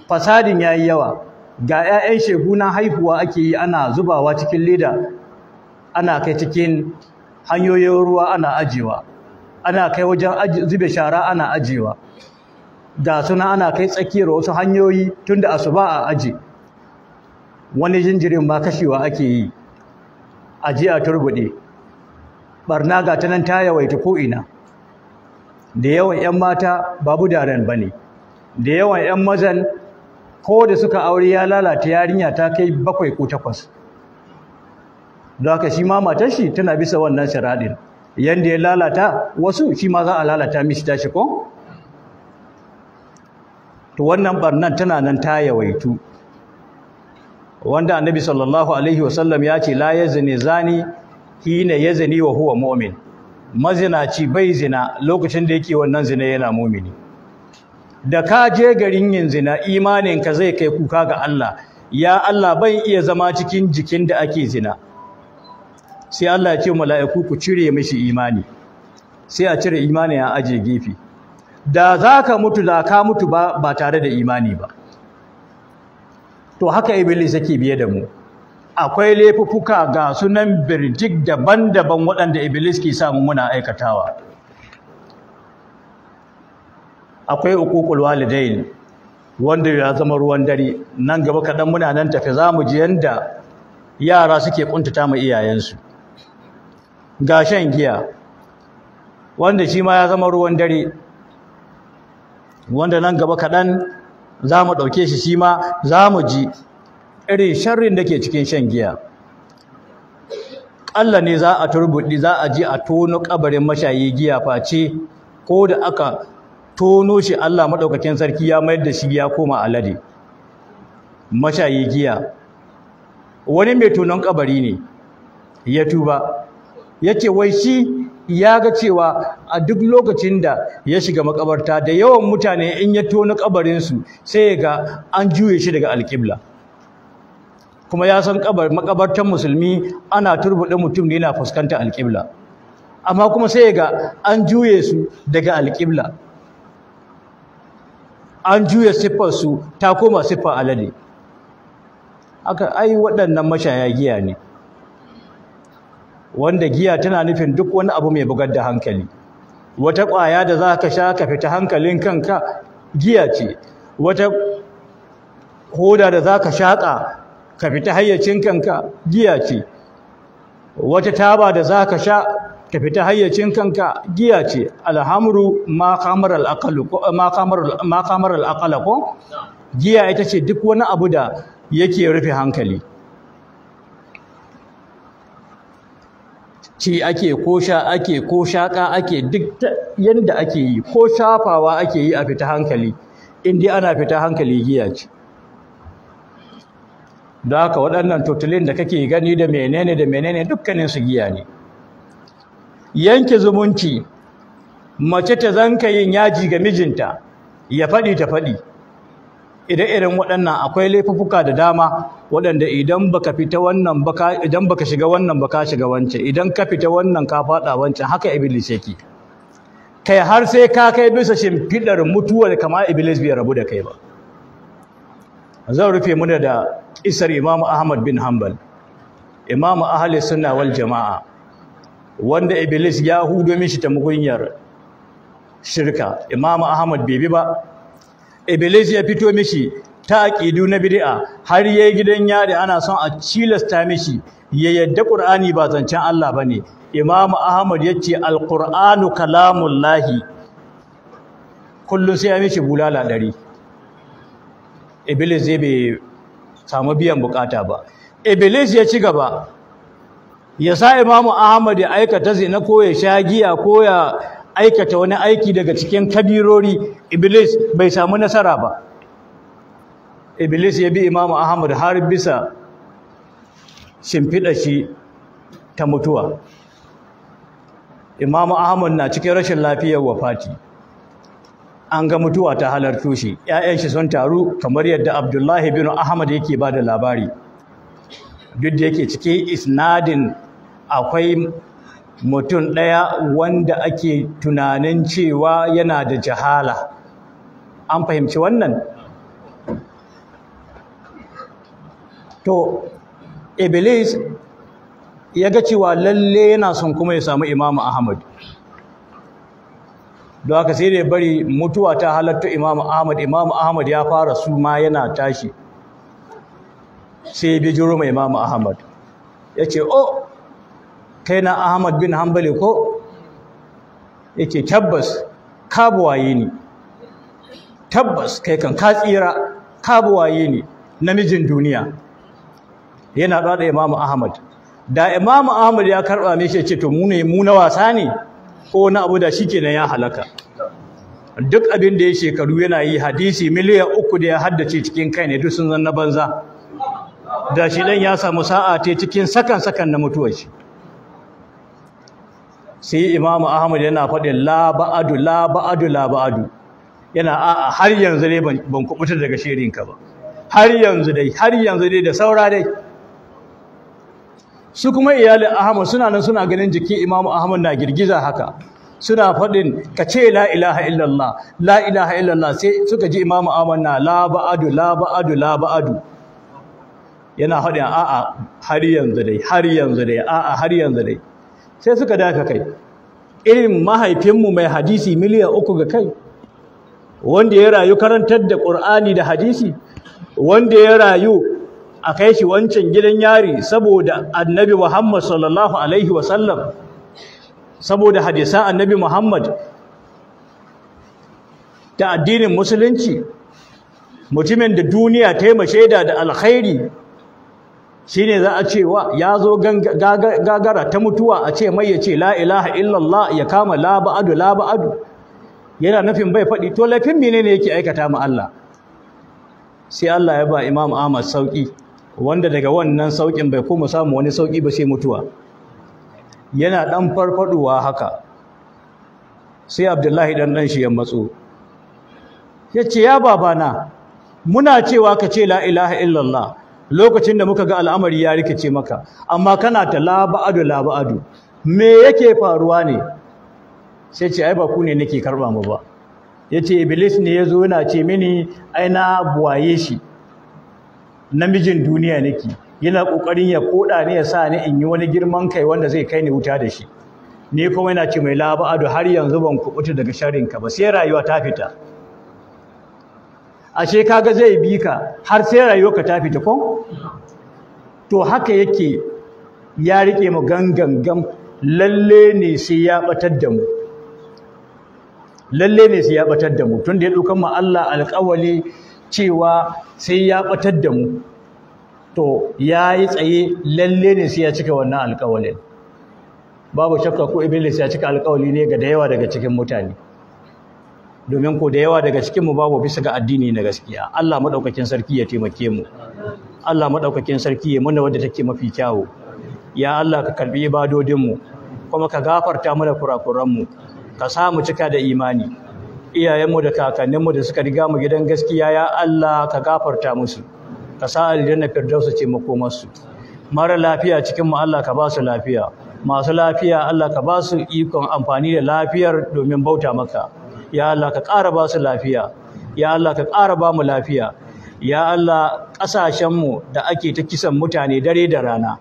fasadin ya yi yawa ga 'ya'yan shegunan haihuwa ake yi ana zubawa cikin leda ana kai cikin hanyoyin ruwa ana ajewa ana kai wajen zube shara ana ajiwa. da suna ana kai tsakiyar wasu hanyoyi tunda asuba a aji wani jinjirin ba kashewa ake yi ajiya turgudi barna ga ta nan ta yawaita ko'ina da yawan 'yan mata babu daren ba ne da yawan 'yan mazan ko da suka aure ya lalata yarinya ta kai bakwai ko takwas don haka shi ma matar shi tana bisa wannan sharaɗin yadda ya lalata wasu shi ma za a lalata mishi tashi ko to wannan barnan tana nan ta yawaitu wanda annabi sallallahu alaihi wasallam ya ce la yazni zani hina yazni wa huwa mu'min mazinaci bai zina lokacin da yake wannan zina yana mumini da ka je garin yin zina imaninka zai kai kuka ga Allah ya Allah ban iya zama cikin jikin da ake zina sai Allah ya ce mala'iku ku cire mishi imani sai a cire imani a aje gefe da zaka mutu da ka mutu ba, ba tare da imani ba to haka iblis yake biye da mu akwai laifuka ga sunan birjik daban-daban waɗanda iblis ke samu muna aikatawa akwai hukukul walidain wanda ya zama ruwan dare nan gaba kaɗan muna nan tafi za mu ji yanda yara suke ƙuntata ma iyayensu ga shan giya wanda shi ma ya zama ruwan dare wanda nan gaba kaɗan za mu ɗauke shi shi ma za mu ji irin sharrin da ke cikin shan giya ƙalla ne za a turbuɗi za a ji a tono ƙabarin mashayi giya face ko da aka tono shi Allah maɗaukakin sarki ya mayar da shi ya koma alade mashayi giya wani mai tonon ƙabari ne ya tuba ya ce wai shi ya ga cewa a duk lokacin da ya shiga makabarta da yawan mutane in ya tona kabarinsu sai ya ga an juye shi daga alƙibla kuma ya san makabartar musulmi ana turbuɗe mutum ne yana fuskantar alƙibla amma kuma sai ya ga an juye su daga alƙibla an juya siffarsu ta koma siffar alade haka ai waɗannan mashaya giya ne wanda giya tana nufin duk wani abu mai bugar da hankali wata ƙwaya da za ka sha ka fita hankalin kanka giya ce wata hoda da za ka shaƙa ka fita hayyacin kanka giya ce wata taba da za ka sha ka fita hayyacin kanka giya ce alhamru ma kamar al'akala ko giya ita ce duk wani abu da yake rufe hankali ci ake ko sha ake ko shaƙa ake duk yadda ake yi ko shafawa ake yi a fita hankali in ana fita hankali giya ce don haka waɗannan totalin da kake gani da menene da menene dukkanin su giya ne yanke zumunci mace ta zanka yin yaji ga mijinta ya faɗi ta faɗi ire-iren waɗannan akwai laifuffuka da dama waɗanda idan baka fita wannan baka idan baka shiga wannan baka shiga wancan idan ka fita wannan ka faɗa wancan haka iblis yake kai har sai ka kai bisa shimfidar mutuwar kama iblis bai rabu da kai ba zan rufe muna da isar imamu ahmad bin hanbal imamu ahli sunna wal jama'a wanda iblis ya hudo mishi ta mugunyar shirka imamu ahmad bai bi ba iblis ya fito mishi ta aqidu na bid'a har yayi gidan yari ana son a cilasta mishi ya yadda qur'ani ba zancen Allah bane Imam' ahmad yace alqur'anu kalamullahi Kullum sai ya mishi bulala dari iblis zai bai samu biyan bukata ba iblis ya ci gaba ya sa imamu ahmad ya aikata zina ko ya sha giya ko aikata wani aiki daga cikin kabirori iblis bai samu nasara ba iblis ya bi imamu ahmad har bisa shimfiɗa shi ta mutuwa imamu ahmad na cikin rashin lafiyar wafati an ga mutuwa ta halarto shi ‘ya'yan shi sun taru kamar yadda abdullahi bin ahmad yake ba da labari duk da yake cike isnadin akwai mutum ɗaya wanda ake tunanin cewa yana da jahala an fahimci wannan to iblis ya ga cewa lalle yana son kuma ya samu imamu ahmad don haka sai da ya bari mutuwa ta halatta imamu ahmad imamu ahmad ya fara su ma yana tashi sai ya bijiro mai imamu ahmad ya ce oh kai na ahmad bin hambali ko yake tabbas kabuwaye ne tabbas kai kan ka tsira kabuwaye ne namijin duniya yana da imamu ahmad da imamu ahmad ya karba mishi ce to mu ne mu na wasa ne ko na abu da shi shikenan ya halaka duk abin da ya shekaru yana yi hadisi miliyan uku da ya haddace cikin kai ne duk sun zan na banza da shi dan ya samu sa'a ta cikin sakan sakan na mutuwar shi sai imamu ahmad yana faɗin la ba'adu la ba'adu la ba'adu yana a'a har yanzu dai ban kuɓuta daga shirinka ba har yanzu dai har yanzu dai da saura dai su kuma iyalin ahmad suna nan suna ganin jiki imamu ahmad na girgiza haka suna faɗin ka ce la ilaha illallah la ilaha illallah sai suka ji imamu na la ba'adu la ba'adu la ba'adu yana faɗin a'a har yanzu dai har yanzu dai a'a har yanzu dai sai suka dafa kai irin mahaifinmu mai hadisi miliyan uku ga kai wanda ya rayu karantar da ƙur'ani da hadisi wanda ya rayu a kai shi wancan gidan yari saboda annabi muhammad sallallahu alaihi wasallam saboda hadisan annabi muhammad da addinin musulunci mutumin da duniya ta yi mashaida da alkhairi shine za a ce wa ya zo gagara ta mutuwa a ce mai ya ce "La'ilaha illallah ya kama laba adu, laba adu?" yana nufin bai faɗi to laifin mene ne yake aikata ma Allah sai Allah ya ba Imam Ahmad sauƙi, wanda daga wannan sauƙin bai kuma samu wani sauƙi ba sai mutuwa yana ɗan farfaduwa haka sai Abdullahi dan ɗan shi ya matso yace ya babana muna cewa ka ce 'La'ilaha illallah lokacin da muka ga al'amari ya rikice maka amma kana ta laba'adu laba'adu me yake faruwa ne sai ce ai ba ku ne nake karba mu ba yace iblis ne yazo yana ce mini ai na buwaye shi namijin duniya nake yana kokarin ya koda ne ya sa ni in yi wani girman kai wanda zai kai ni wuta da shi Ne kuma yana ce mai laba'adu har yanzu ban kubuta daga sharinka ba sai rayuwa ta fita ashe kaga zai bi ka har sai rayuwarka ta fita ko to haka yake ya rike mu gangan lalle ne sai ya batar da mu lalle ne sai ya batar da mu tunda ya dukan mu Allah alƙawali cewa sai ya batar da mu to ya yi tsaye lalle ne sai ya cika wannan alƙawalin babu shakka ko iblis ya cika alƙawali ne ga da yawa daga cikin mutane domin ko da yawa daga cikin mu babu bisa ga addini na gaskiya Allah madaukakin sarki ya taimake mu Allah madaukakin sarki ya muna wadda take mafi kyawu ya Allah ka karbi ibadodin mu kuma ka gafarta mana kurakuran mu ka sa mu cika da imani iyayenmu da kakanninmu da suka riga mu gidan gaskiya ya Allah ka gafarta musu ka sa aljanna firdausa ce masu mara lafiya cikin mu Allah ka ba su lafiya masu lafiya Allah ka ba su ikon amfani da lafiyar domin bauta maka ya Allah ka ƙara ba su lafiya ya Allah ka ƙara ba mu lafiya ya Allah ƙasashenmu da ake ta kisan mutane dare da rana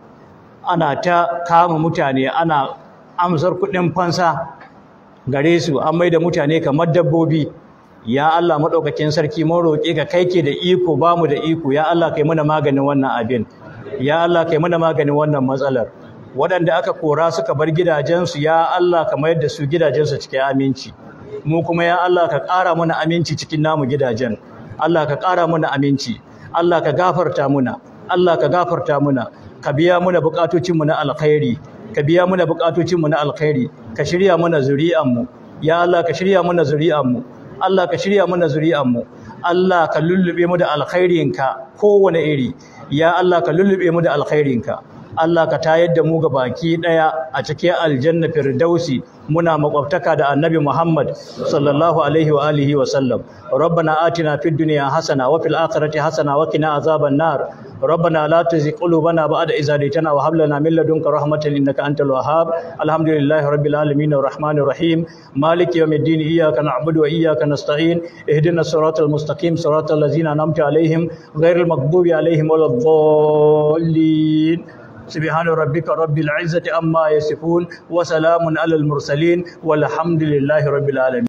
ana ta kama mutane ana amsar kuɗin fansa gare su an mai da mutane kamar dabbobi ya Allah maɗaukakin sarki mun roƙe ka kai ke da iko ba mu da iko ya Allah kai mana maganin wannan abin ya Allah kai mana maganin wannan matsalar waɗanda aka kora suka bar gidajensu ya Allah ka mayar da su gidajensu cikin aminci mu kuma ya Allah ka ƙara mana aminci cikin namu gidajen Allah ka ƙara mana aminci Allah ka gafarta muna Allah ka gafarta muna ka biya muna buƙatocinmu na alkhairi ka biya muna buƙatocinmu na alkhairi ka shirya mana zuri'anmu ya Allah ka shirya mana zuri'anmu Allah ka shirya mana zuri'anmu Allah ka lullube mu da alkhairinka kowane iri ya Allah ka lullube mu da alkhairinka Allah ka tayar da mu ga baki daya a cikin aljanna firdausi muna makwabtaka da annabi Muhammad sallallahu alaihi wa alihi wa sallam rabbana atina fid dunya hasana wa fil akhirati hasana wa qina azaban nar rabbana la tuzigh qulubana ba'da idh hadaytana wa hab lana min ladunka rahmatan innaka antal wahhab alhamdulillahi rabbil alamin arrahmanir rahim maliki yawmiddin iyyaka na'budu wa iyyaka nasta'in ihdina siratal mustaqim siratal ladzina an'amta alaihim ghairil maghdubi alaihim waladdallin subhana rabbika rabbil izzati amma yasifun wa salamun alal mursalin walhamdulillahi rabbil alamin